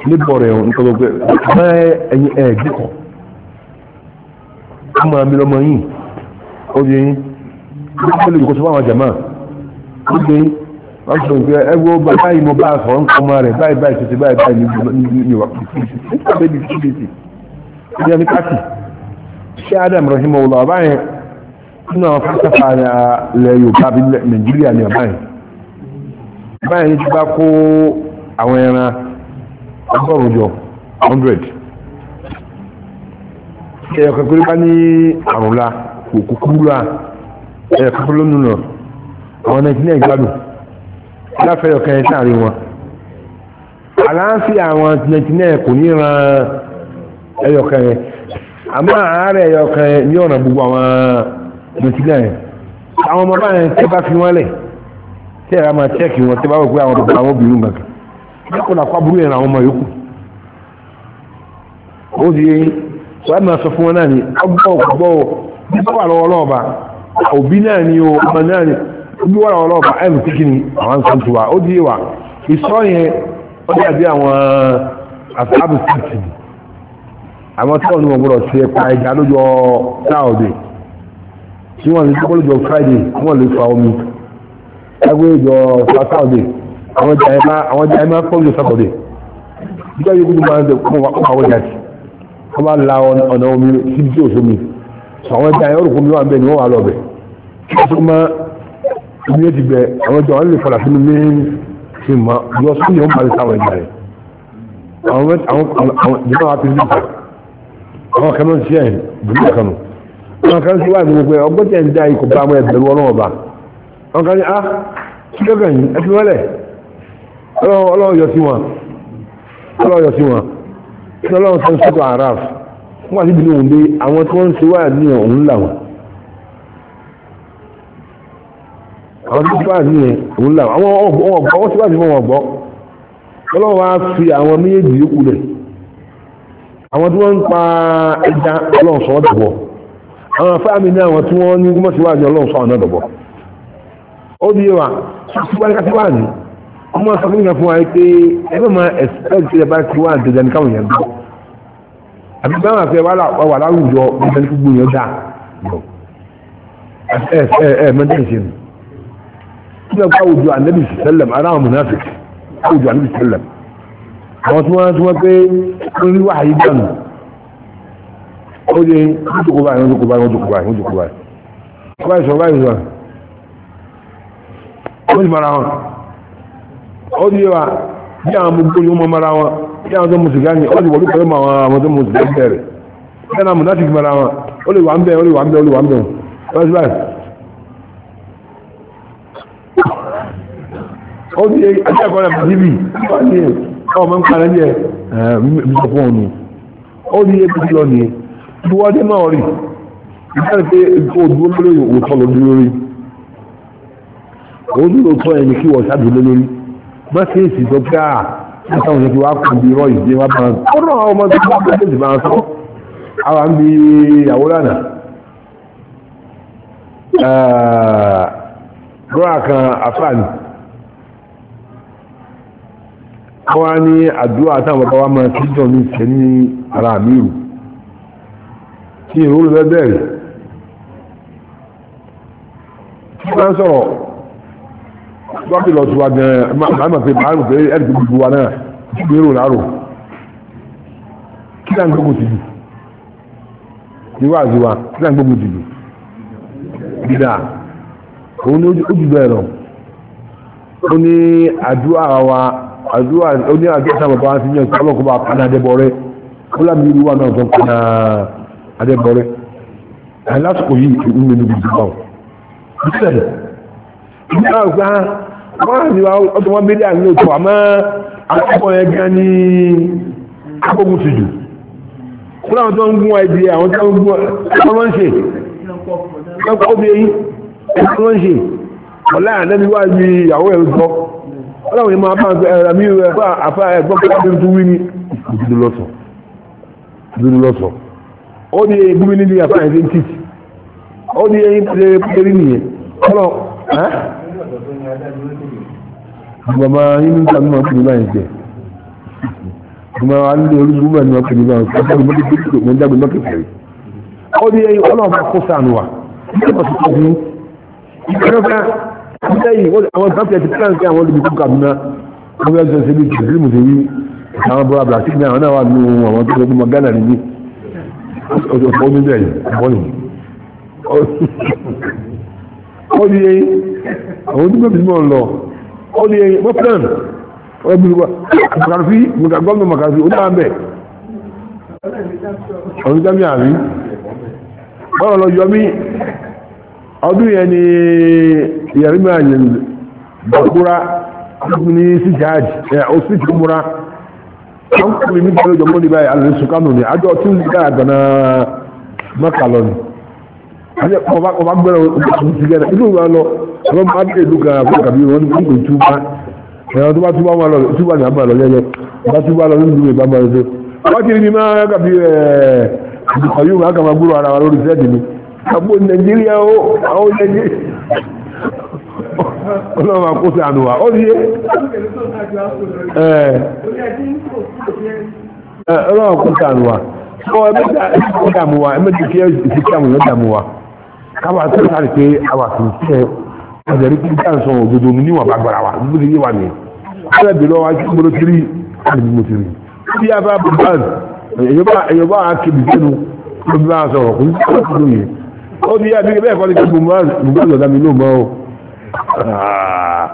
níbọ̀ rẹ̀ nítorí pé ọmọ ẹ̀yìn ẹ̀ gbẹ̀kọ̀ ọmọ mi lọmọ yìí ó wọ́n sọ pé ẹgbẹ́ ọba báyìí mo bá a sọ̀rọ̀ nǹkan ọmọ rẹ̀ báyìí báyìí tètè báyìí báyìí ní ìwà kìkìkì ní ìyá ní káàkì ṣé adam rahim ọlọ ọba yẹn nínú àwọn fásitì ilẹ̀ yorùbá bí nàìjíríà ní ọba yẹn ọba yẹn ti bá kó àwọn ẹran ọgọ́rùn-ún jọ hundred ẹ̀yọ̀ kankan bá ní àrùn la kò kúkú la ẹ̀yọ̀ kankan ló nù àwọn nàìjíríà aláfẹ́yọ̀ kẹrin sáàrin wọn àlàáfíà àwọn tìǹtìǹtì kò ní ran ẹyọ kẹrin àmọ́ àárẹ̀ ẹyọ ní ọ̀nà gbogbo àwọn tìǹtìǹtì àwọn ọmọ báyẹn tí bá fi wọ́n lẹ̀ tí ẹ̀rọ máa wọn tí bá wọ̀ pé àwọn bàbá wọn bìnrin làkọ́ aburú yẹn ọmọ di máa sọ fún wọn náà ni ọgbọ́ bí wọ́n wà o ọmọ náà ojú wọ́n àwọn ọlọ́ọ̀bà ẹ̀rù tí kìíní àwọn ń sọ́ntù wa ó di wà ìsọ́ yẹn ó dé àbí àwọn àtàbù sàtì àwọn tí wọ́n ní wọ́n gbọ́dọ̀ ṣe ẹ̀ka ẹja lójọ sáàdì tí wọ́n lè dúpọ́ lójọ friday tí wọ́n lè fa omi ẹgbẹ́ ìjọ sáàdì àwọn jẹ́ ẹ̀má pọ́ lójọ sáàdì nígbà yóò gbọ́dọ̀ máa ń dẹ̀kọ́ wọn àwọn ọjà tí wọ́n bá la ọ̀nà omi síbi tí ò sómi àwọn ẹja ẹ̀rọ ibi yẹn ti bẹ àwọn ìjọ àwọn lè fọlá sínú ní ṣe mọ yọ sí yóò parí sáwọn ìgbà rẹ àwọn àwọn jẹmọ àti ìlú ìgbà àwọn kan náà ṣe ẹ ìlú kan nù àwọn kan ṣe wà ní gbogbo ẹ ọgbọ́n tẹ̀ ń dá ikọ̀ bá àwọn ẹ̀bẹ̀rù ọlọ́wọ́ bá àwọn kan ní a ah, kí ló kàn yín ẹ fi wọlé ọlọ́wọ́ yọ sí wọn ọlọ́wọ́ yọ sí wọn kí ọlọ́wọ́ sọ ń sọ́kọ̀ àràf wọ́n àti ìbínú òun dé àwọn tí wọ́n ń ṣe wà ní òun làwọn àwọn tó bá ní ẹ̀ òun là àwọn ọgbọ́ wọ́n síwájú fún wọn gbọ́ ọlọ́run wá fi àwọn méjèèjì yókù rẹ̀ àwọn tí wọ́n ń pa ẹja ọlọ́run sọ dọ̀bọ̀ àwọn fáàmì ní àwọn tí wọ́n ní gbọ́n síwájú ọlọ́run sọ ọ̀nà dọ̀bọ̀ ó di wa síwájú ká síwájú ọmọ sọ fún ìgbà fún wa pé ẹgbẹ́ máa expect ṣe bá ti wá àdéjà ní káwọn yẹn gbọ́ àbí báwọn àfẹ́ wà láwùjọ ẹgbẹ́ ní gbogbo yẹn dáa kí ọgbà òjò ànẹ́bì sẹ́lẹ̀m ara àwọn munafik òjò ànẹ́bì sẹ́lẹ̀m àwọn tí wọ́n tí wọ́n pé orí wà yí dànù ó dé jókòó báyìí jókòó báyìí jókòó báyìí jókòó báyìí ọba ìṣọ̀ ọba ìṣọ̀ ó ti mara wọn ó di wa bí àwọn gbogbo yóò mọ mara wọn bí àwọn tó mu sìgá ni ó ti wọlé pẹ̀lú àwọn àwọn tó mu sìgá bẹ̀rẹ̀ bẹ́ẹ̀ náà munafik mara wọn ó lè wà ń bẹ̀ ó lè wà ń bẹ̀ ó lè wà ń bẹ̀ ó lè ó di ẹjẹ́ ẹ̀kọ́ rẹ̀ bàbí bì ọmọ ń parẹ́ jẹ́ ẹ̀ẹ́dọ̀ fún ọ̀nù ó di ẹbí ti lọ nìyẹn tí wọ́n dé náà rí ìbẹ̀rẹ̀ pé ó dúró lórí òótọ́ ló dúró rí ó dúró tọ́ ẹni kí wọ́n ṣáàdúró lórí má sí èsì tó pé à nígbà wọn ti wá kàn bí irọ́ ìdí wa bá ó ràn án ọmọ tó bá bá tẹ̀sí máa sọ ara ń bi àwòrán náà rọ́ọ̀kan afáàní wọ́n ní àdúrà táwọn bàbá wa máa tí jọ ní ìṣẹ́ ní ara mi rù kí ìrúlù bẹ́ bẹ̀rẹ̀ tí wọ́n sọ̀rọ̀ lọ́pì lọ tuwa gan-an máa mọ̀ pé máa rù pé ẹ̀rì tó gbogbo wa náà tí gbèrò láàrò kí láà ń gbógun tìlú níwáàzí wa kí láà ń gbógun tìlú dídá òun ni ó jù bẹ́ẹ̀ lọ ó ní àdúrà wa àdúrà oní àjọta bàbá wa ti yàn kí ọlọ́kọ̀ bá padà adébọ̀rẹ́ ó lámì irú wa náà tó padà adébọ̀rẹ́ àìlásìkò yìí ń lè níbi ìdúgbà wọn. ìṣẹ̀lẹ̀ ìṣẹ̀lẹ̀ àgbà ah, wọ́n á ní ọdún wọn bílíà ní òtò àmọ́ akọ́kọ́ yẹn gan ní akókò ti jù kúrò àwọn tó ń gún wa ibi àwọn tó ń gún wa ọmọ ń ṣe ẹ̀kọ́ bí eyín ẹ̀kọ́ ń ṣe ọ̀la àdẹ́bí wá ibi ìyàwó ẹ̀ ń gbọ́ ọlọ́run ìmọ̀ apá ẹ̀rọ mi rẹ̀ fún àfá ẹ̀gbọ́n kí wọ́n tún wí ní dúdú lọ́sọ̀ dúdú lọ́sọ̀ ó ní gbúmi níbi àfá ẹ̀ ń tìtì ó ní ẹyin tẹ pẹ́rí nìyẹn ọlọ́ ẹ́ bàbá yín níta nínú ọkùn ní báyìí jẹ bàbá wa nílé olùdókòwò bá nínú ọkùn ní báyìí jẹ bàbá mi tó tó mọ jágbe lọ́kẹ̀ fẹ̀rẹ̀ ó ní ẹyin ọlọ́run kó sànù wa ìjọba tó lẹ́yìn àwọn ìgbàpẹ̀ ti pẹ́lẹ̀ pé àwọn olùdíkù kàdúná wọ́n fẹ́ jẹ́ síbi ìjìnlẹ̀ mùsùlùmí àwọn bọ́ra brazil náà náà wà nínú àwọn tó lọ́gbọ́n ghana nìyí ọ̀pọ̀ ní bẹ́ẹ̀ bọ́ọ̀lù ó di eyín àwọn tó gbẹ̀bí mọ̀ lọ ó di eyín wọ́n pẹ́lẹ̀ wọ́n bí wọ́n makafi gọ́ọ̀nù makafi ó dáa bẹ́ẹ̀ ọ̀rọ̀ jami àrí wọ́n lọ yọ mí ọdún yẹn ni yarima yanzu bakura ni si jaaji ẹ o si ti mura an kuli ni balo jamoni b'a ye alali su kanu ni ajo tu ka gana makalo ni ale o ba o ba gbẹrẹ o tu ti gẹrẹ ilu wa lọ ọlọ ma de lu ka fọ kabi wọn ni ko tuba ẹ tuba tuba wa lọ tuba ni a ba lọ yẹyẹ ba tuba lọ ni dugu ba ma lọ wákìrì ni ma kabi ẹ ọyún ma kama gbúrò ara wa lórí sẹ́ẹ̀dì ni kabo nàìjíríà o àwọn nàìjíríà ọlọ́run máa kó sí àánú wa ó ní yé ọlọ́run kó sí àánú wa ọ ẹgbẹ́ dàmú wa ẹgbẹ́ tó kí ẹ sì kí àwọn èèyàn dàmú wa káwa tó sáré pé àwa kì í tẹ ọ̀sẹ̀ rí kí n tàn sọ òdodo mi níwọ̀n bá gbára wa níbi yé wa ni ọ̀sẹ̀ bí lọ́wọ́ àti gbọ́dọ̀ ti rí àti mo ti bí a bá bọ̀ báyìí èyàn bá a kébì sẹ́nu ló bí wọ́n á sọ̀rọ̀ kò ní sọ̀rọ̀ kò lóye ó ní yá bí bẹ́ẹ̀ kọ́ ni kí mo bá lọ́dà mi lóun mọ́ o. Ah.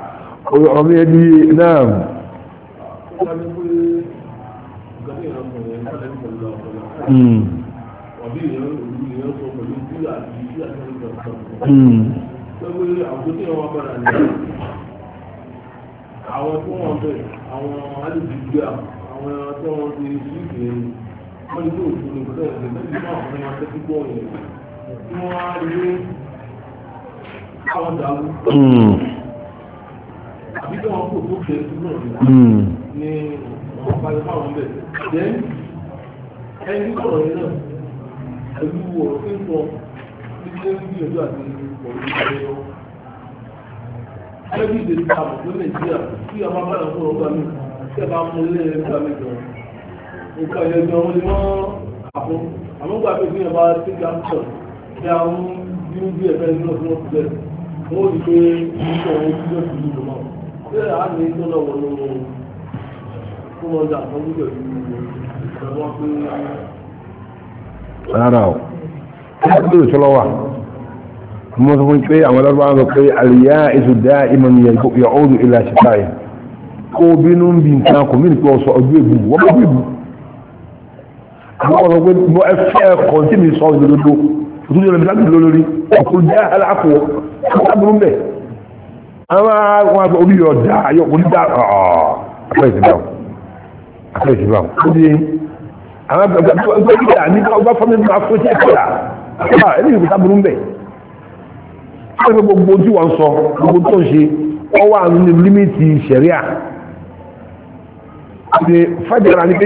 ọmọ ẹni náà àwọn tó wọ́n bẹ̀ àwọn alìjìgbà àwọn tó wọ́n ti ṣí ìgbẹ̀ wọ́n ní tó òṣèlú ìgbẹ̀ ìgbẹ̀ ìgbẹ̀ àwọn ọmọ ẹgbẹ́ gbígbọ́ yẹn tí wọ́n á rí káwọn dàrú. tó ní wọ́n parí fáwọn bẹ́ẹ̀. jẹ́ ẹni sọ̀rọ̀ yẹn náà pẹ̀lú ọ̀rọ̀ tó ń sọ nílé gbìyànjú àti ọ̀rọ̀ ìgbàlejò. ẹbí ìdèrí ta àbùkù ní nàìjíríà kí ọmọ bá lọ fún ọgbà mi kí ẹ bá mú ilé ẹgbẹ́ mi jọ. nǹkan ìyẹn jọ wọn ni wọ́n àpò àmọ́ gbàgbé ìgbìyànjú àti ìgbà ń sọ̀rọ̀ kí àwọn bí ó bí ó rí pé iṣẹ́ òun tí yóò fi yíyọ náà bẹ́ẹ̀ á ní tó lọ́wọ́ ló ń kó wọn dà fún yíyọ yìí ìjọba pé. rárá o ẹgbẹ́ ìṣọ́lọ́ wà mo sọ fún pé àwọn ọlọ́run àwọn pé àríyá èso dá ìmọ̀ nìyẹn yọ̀ọ́dù ilẹ̀ àṣìṣà yìí kó bínú ń bi nǹkan kò mí nìkan ọ̀sọ̀ ọjọ́ ìbù wọ́n bá bí ìbù àwọn ọ̀sọ̀ pé mo ẹ fẹ́ ẹ̀kọ́ tí mi sọ òdodo òtún yọrọ mi láti lọ lórí ọkùnrin jẹ́ aláàfọ̀ aláàbùrú mbẹ̀ àwọn àwọn àgbà orí yọ dá ayọ̀ kò ní dá àpẹẹrẹ ìsìnkú àwọn àpẹẹrẹ ìsìnkú àwọn ó di àwọn àgbà tó ń gbà ní ọgbà fọmílì máa fún sí ẹ̀kọ́ àpá ẹni ìlú sábùrú mbẹ̀ wọ́n fi gbogbo tí wọ́n sọ gbogbo tó ń ṣe ọ wà ní límìtì ṣẹ̀ríà àti fàjẹ̀rà ni pé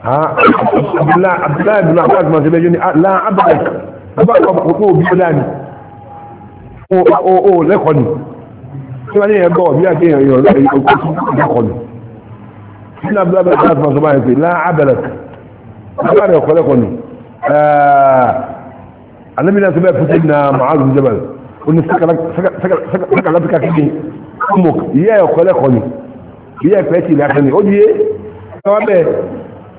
abdullahi bin abbas ma ṣe bẹ́jọ́ ni láàbàk abákọ̀ọ́kọ́ òbí ọ̀dá ni o lẹ́kọ̀ọ́ ni tí wọ́n ní ẹgbọ́ bí i àkíyàn yọ̀ lẹ́kọ̀ọ́ ni bin abdullahi bin abbas ma ṣe báyìí pé láàbàk abáyọ̀ ọ̀kọ́ lẹ́kọ̀ọ́ ni alamina ṣe bẹ́ẹ̀ fún na ma'azu jabal ó ní sakalábíkà kíkì ọmọ ìyá ẹ̀kọ́ lẹ́kọ̀ọ́ ni ìyá ẹ̀kọ́ ẹ̀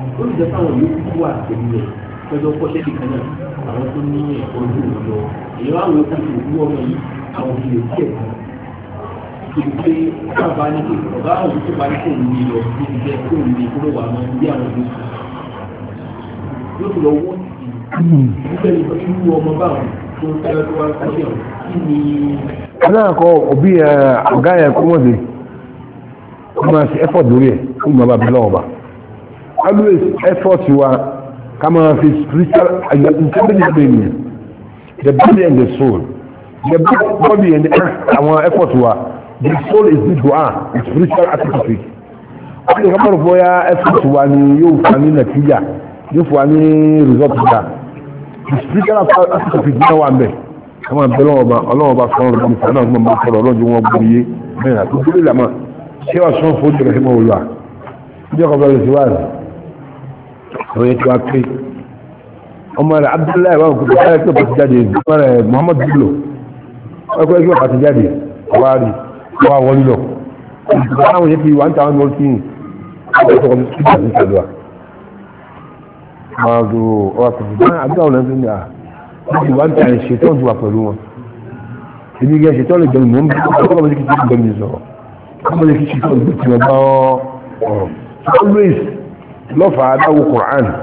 ó lè yóò kú wà pẹ̀lú rẹ̀ pẹ̀lú ọkọ̀ṣẹ́ ti kan náà àwọn tó ní ẹ̀kọ́ ojú òjò èyí wá wọ́n kúrò ní ọmọ yìí àwọn òbí rẹ̀ kí ẹ̀kọ́ kìí pé bàbá ní kí ọ̀gá àwọn òbí tó parí kò ní lọ bí ti jẹ́ kó ní kúrò wà máa ń àwọn òbí yóò tó lọ wọ́n ti níbẹ̀ ní irú ọmọ báwọn tó ń tẹ́lẹ̀ tó wá kọ́ṣẹ́ ọ̀ kí ni. aláàkọ òbí ọ̀gá yẹn kó mọ̀ sí kó ẹ̀ kó máa bá lọ́wọ́ bá always effort you are. Come on, fi spiritual intelligence the body and the soul the body and the àwọn effort are, the soul is need to ah spiritual activity ọdún kamar bóyá effort wa ni yóò fà ní nàtíjà yóò fà ní result ga the spiritual activity náà wà mbẹ àwọn abẹ́lẹ́ ọba ọlọ́wọ́ bá sọ́rọ̀ lọ́wọ́ nípa náà gbọ́n bá sọ́rọ̀ ọlọ́jọ́ wọn bú iye mẹ́rin àti ìdílé làmọ́ ṣé wà sọ́n fún ìjọba ìmọ̀ òlùwà ìjọba ìsìwáàrì oye tí wá pé ọmọ rẹ̀ abdullahi wà òkú bàtà ẹgbẹ́ bàtà jáde ọmọ rẹ̀ muhammad bello ẹgbẹ́ ẹgbẹ́ bàtà jáde wà rí wà wọlé lọ ìgbà táwọn yẹn fi wà ń tàwọn mọ́ sí ọjọ́ ìṣọ́kọ́ ní ṣíkà ní ìṣàlùwà máa do ọwọ́ pẹ̀lú náà àdúrà ọ̀nà tó ń dà wọ́n ti wà ń tàyẹ̀ ṣetán ti wà pẹ̀lú wọn ibi gẹ̀ ṣetán lè jẹun mọ́ ọkọ̀ mọ́lẹ́kì ṣetán lè jẹun sọ̀rọ̀ ọkọ̀ mọ́lẹ́kì ṣetán لوفا دا القرآن قران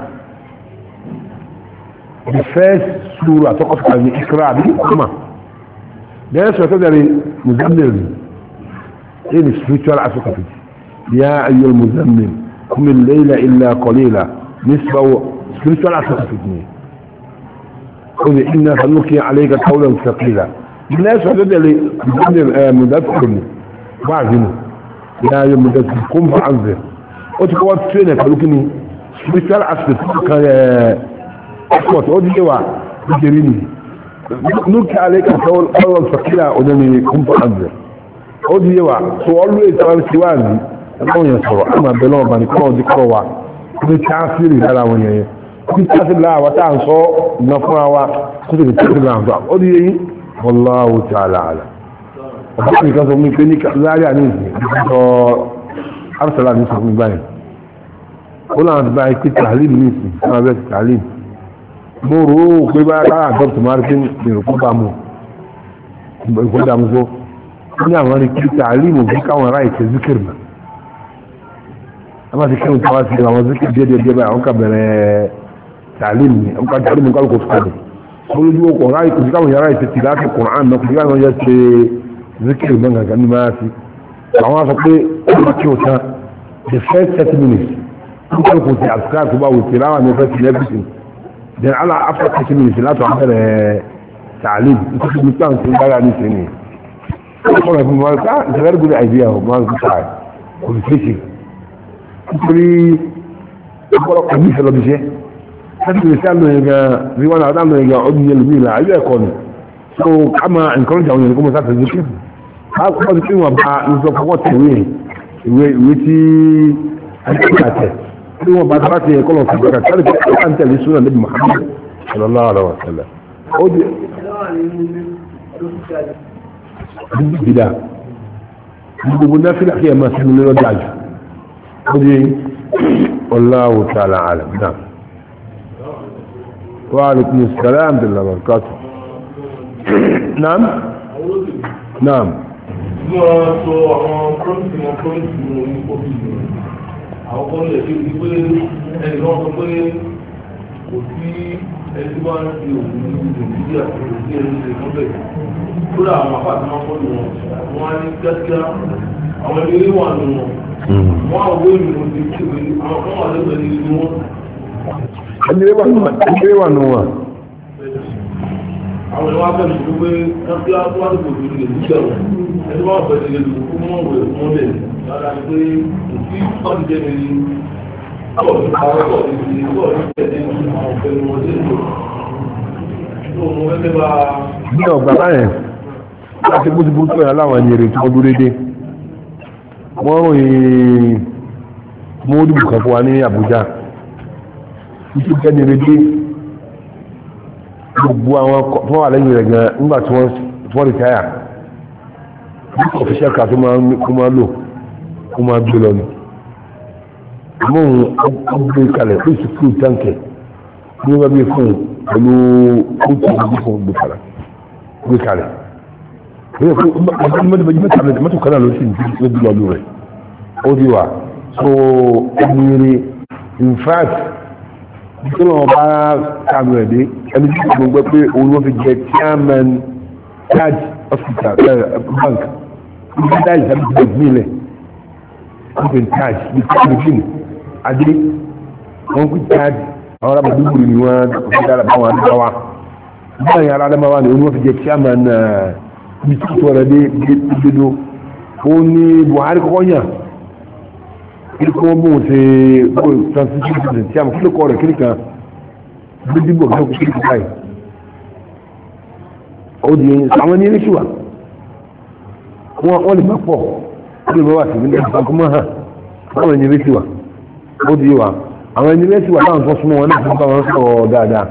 بفاس سوره تقف على الاقراء دي كما ده سوره ده مزمل ايه السبيريتوال افيكتيف يا ايها المزمل قم الليل الا قليلا نسبه سبيريتوال افيكتيف دي قل إنا فنوكي عليك قولا ثقيلا الناس هذا اللي مدفن بعضنا يا يا مدفن قم فانذر ó ti kọ́wọ́ tírénà pẹ̀lú kí ni spiritual aspect kan ẹ̀ export ó díje wà nítorí ni lókè alẹ́ kan sọ ọlọ́run sọkílà ọjọ́ mi kúńtọ́ àgbẹ̀ ó díje wà so always wà sí wà ní ọlọ́run yẹn sọ̀rọ̀ àmà bẹ́ẹ̀ lọ́wọ́ bani kọ́ ọdí kọ́ wa ní káfíìrì lára wọn yẹn kí káfíìrì lára wa tá à ń sọ ìná fúnra wa kó sì ní káfíìrì lára wa ó díje yín wallahu ta'ala àlà ọ̀pọ̀ nìkan sọ fún mi pé ní láàrin àníyàn sọ arsala ní sọ fún mi báyìí ó láwọn ti bá ikú tàlímù ní ìsìn fún abẹ́ ti tàlímù mo rò ó pé bá káà dr martin ìrùkú bá mu ìkó dàmú tó ó ní àwọn rí kí tàlímù bí káwọn ará ìṣe zikir nà a máa ti kírun tí wọ́n ti àwọn zikir díẹ̀ díẹ̀ díẹ̀ báyìí àwọn kà bẹ̀rẹ̀ tàlímù ni àwọn kà tàlímù kálukú fúkàdé ó lójú ó kọ̀ ọ̀rá ìkó sí káwọn ará ìṣe ti láti kùrán náà kò káwọn yẹ ṣe zikir náà gàgà ní máa ti àwọn á sọ pé ó máa kí o tán the first thirty minutes kúkúrú kò sí àtúkà tó bá wò sí láwọn ẹ̀fẹ́ sí lẹ́bìsì then ala after thirty minutes láti wà bẹ̀rẹ̀ tààlìb nítorí mi tán tó ń bára ní sẹ́ni ọmọ rẹ̀ fún mi wá ah, ká it's a very good idea o máa ń gbà kò sí fèsì nítorí ọpọlọ kò ní ìfẹ́lọ́ bíṣẹ́ thirty minutes àná yẹn gan bí wọn àwọn àná yẹn gan ọdún yẹn lómi ìlà ayé ẹ̀kọ́ ni so ká máa encourage àwọn yẹn kó mo sá tẹ̀lé kí wọ́n ti pín wọn bá nzọ fọwọ́ tẹ̀wé ìwé ìwé tí a ti pín àtẹ̀ هو ما ترى فيه في بركة ثالثة أنت لسنة النبي محمد صلى الله عليه وسلم أجل أجل بدا أجل بنا في الأخير ما سنة من الرجاج والله تعالى عالم نعم وعليكم السلام دل الله نعم نعم àwọn kan lè fi wí pé ẹnì kan sọ pé kò sí ẹni tí wọ́n ti òun ní nàìjíríà kò sí ẹni tí wọ́n bẹ̀ kúrò àwọn apáàtì máa kọ́ lù wọn wọ́n á ní kíákíá àwọn ẹni ilé wà nù wọn hmm. wọ́n á wé ìlú wọn ti kí ìwé àwọn kan wà lẹ́gbẹ̀ẹ́ ní ìlú wọn. ẹni ilé wà nù wọn àwọn ìwà bẹ̀rẹ̀ ìlú pé ẹgbẹ́ aláwọ̀dìbò tó lè ní ìjọba ẹni wọ́n fẹ́ ti lè fún mọ́ òwe fún lára pé òfin ọ̀dì jẹ́mi ní ọ̀pọ̀ ní parọ́ ní ti ọ̀pọ̀ ní tẹ̀lé ní àwọn ọ̀fẹ́ ní wọ́n tó mú ẹgbẹ́ bá. ní ọgbà báyẹn láti bó tó yà láwọn tó kọjú dédé wọ́n ròyìn mọ́ọ́dù bùkà fún wa ní Àbújá ìtúkẹ́ni rẹ̀ gbogbo àwọn fún àlẹ́yìn rẹ̀ gan nígbà tí wọ́n rí táyà ọ̀fíṣẹ́ kà tó máa lò kó máa gbé lọ ni àmọ́ òun gbé kalẹ̀ fún ìsìnkú táǹkì ní wọ́n bí fún pẹ̀lú kóòtù ìdíjú fún gbé kalẹ̀ gbé kalẹ̀ mọ́tò kan náà ló sì ń fi gbé lọ lù rẹ̀ ó di wa so ẹni rí in fact nítorí wọn bá kàmù ẹ̀ dé ẹni tí mo gbọ́ pé òun ló fi jẹ chairman charge hospital bank ibi dáì sábà ti bẹ̀rẹ̀ nílẹ̀ wọ́n fi charge ní káàdì kìnnì adé wọ́n fi charge àwọn ará bàdúgbò ni wọ́n fi dára báwọn adúláwà báwọn yàrá adamawa ni òun ló fi jẹ chairman ibi tí sọ̀rọ̀ dé gbẹdọ̀ òun ni Buhari kọ́kọ́ yàn kílíkọ́ mú ṣe transition season tí a mọ̀ kílíkọ́ rẹ̀ kílíkà gbígbó náà kú kílíkà báyìí ó di àwọn ní ilé ṣùwà wọ́n lè máa pọ̀ ó lè máa wà sí nílẹ̀ ìbánkú máa hàn àwọn ní ilé ṣùwà ó di wa àwọn ní ilé ṣùwà láwọn tó súnmọ́ wọn náà fún bá wọn sọ̀rọ̀ dáadáa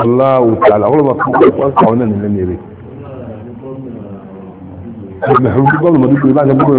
aláwò tààlà wọ́n máa fún wọn sọ̀rọ̀ náà nílẹ̀ nílẹ̀ Gbẹ̀rún mọ̀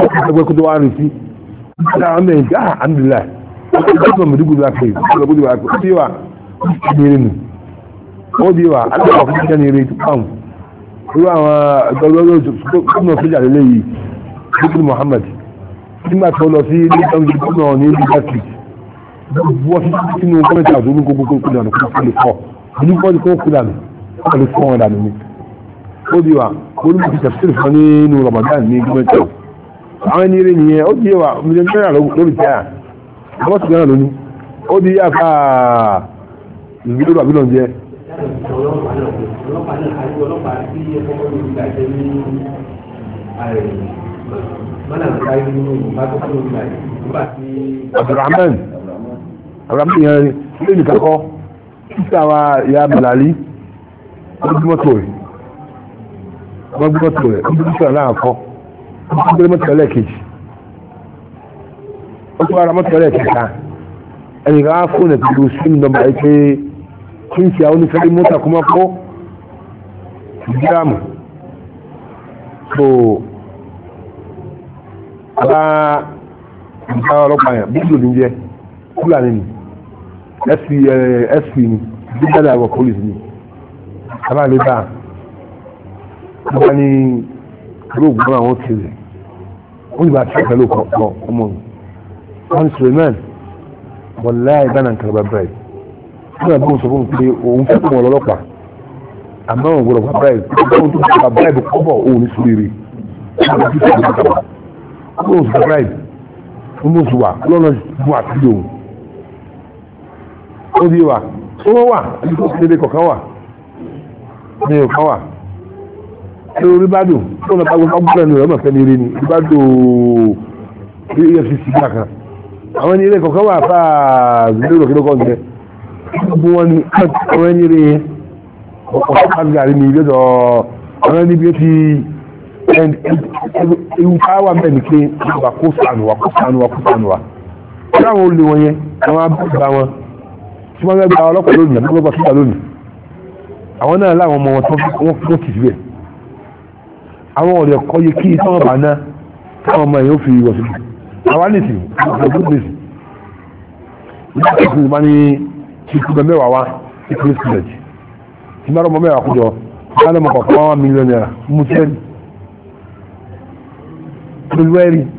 ẹgbẹ́ kó tó wá rí sí ọ̀dà àwọn ẹ̀yìn tí ah àdìlá ọ̀dà mẹ́dígùn bá pè ọ̀dà mẹ́dígùn bá pè ó bí wà ìbéèrè nù ó bí wà àdìlá fún ìjà ní eré tó pàmù irú àwọn ìgbàlódé gómìnà sójà lélẹ̀ yìí bíbí Muhammad nígbà tó lọ sí ilé ìjọba gómìnà ní ìjọba street wọ́n ti sínú gọ́mẹ̀ntì àdúgbò gbogbo kó dànù kó lè fọ́ onígbọ́n ti kó kó dànù kó lè fọ́ wọn dànù ni ó bí wà olùmọ̀ ti tẹ̀síìrì fún nínú Ramadan ní gọ́mẹ̀ntì àwọn ẹni eré nìyẹn ó di ẹwà mílíọ̀nù náírà lórí tí a àwọn sì náírà lónìí ó di àfà ìgbélóró àbí náà jẹ. abdulrahman abdulrahman yẹn lé nìkan kọ títà wa ya bilali ó gbọ́dọ̀ tó rẹ̀ ó gbọ́dọ̀ tó rẹ̀ ó gbọ́dọ̀ tó rẹ̀ láàkọ́ ọkùnrin mọ́tẹ̀lẹ̀ kejì ọkùnrin ara mọ́tẹ̀lẹ̀ kẹta ẹni ká fún ẹ̀ pẹ̀lú sim nọmba ẹ̀ pé kí n ṣe àwọn onífẹ́lẹ́ mọ́tà kọ́mọ́ kọ́ gíráàmù so àbá nǹkan ọlọ́pàá yẹn bíbélì ní jẹ́ fúlàní ni sp sp ni dígbàdà àwọn police ni àbá lè bá a wọ́n ní olóògbé àwọn kiri wọ́n yìí bá ti pẹ̀lú kọ̀ọ̀kan ọmọ wọn Suleiman wọláì bá nàǹkà bá bẹ̀rẹ̀ wọ́n yà bóun sọ fún un pé òun fẹ́ fún ọlọ́pàá àmọ́ òun gbọ́dọ̀ bá bẹ̀rẹ̀ òun tó bá bẹ̀rẹ̀ kọ́ bọ̀ òun ní sùúrù bóun sọ bẹ̀rẹ̀ òun bóun sọ wà lọ́nà bu àtúndì òun ó di wa ó wà ẹni tó ti dédé kọ̀ọ̀kan wà ẹni kọ̀ọ̀kan wà ẹ̀rọ orí bá dùn tó lọ pàgọ́ pàgọ́ ẹ̀nu rẹ̀ mọ̀fẹ́ ní eré ni orí bá dùn orí efcc gbà kan àwọn ẹni eré kọ̀ọ̀kan wà fà zùlẹ̀ lókè lókọ̀ ǹjẹ́ gbogbo wọn ni àwọn ẹni eré ọ̀pọ̀ pàgàrí ni ìgbésọ̀ àwọn ẹni bí ó ti ewu káwà mẹ́ ni pé wà kó sànù wà kó sànù wà kó sànù wà kí àwọn olè wọn yẹn àwọn abúgbà wọn tí wọ́n fẹ́ gba ọlọ́pàá lónìí àbúgbà lónìí àwọn náà láwọn ọmọ wọn tó wọ́n kì í síbẹ̀ àwọn ọ̀rẹ́ kọ́ yẹ kí tán bá ná táwọn ọmọ yóò fi wọ̀ sí àwa nìsí ọdún nìsí nígbà tí kò bá ní ìkúgbẹ mẹ́wàá wá ní christmas tí bá rọmọ mẹ́wàá kújọ bá lọ́mọ kọ̀ọ̀kan mílíọ̀nù náírà mú sẹ́ni pẹ̀lú ẹ̀rí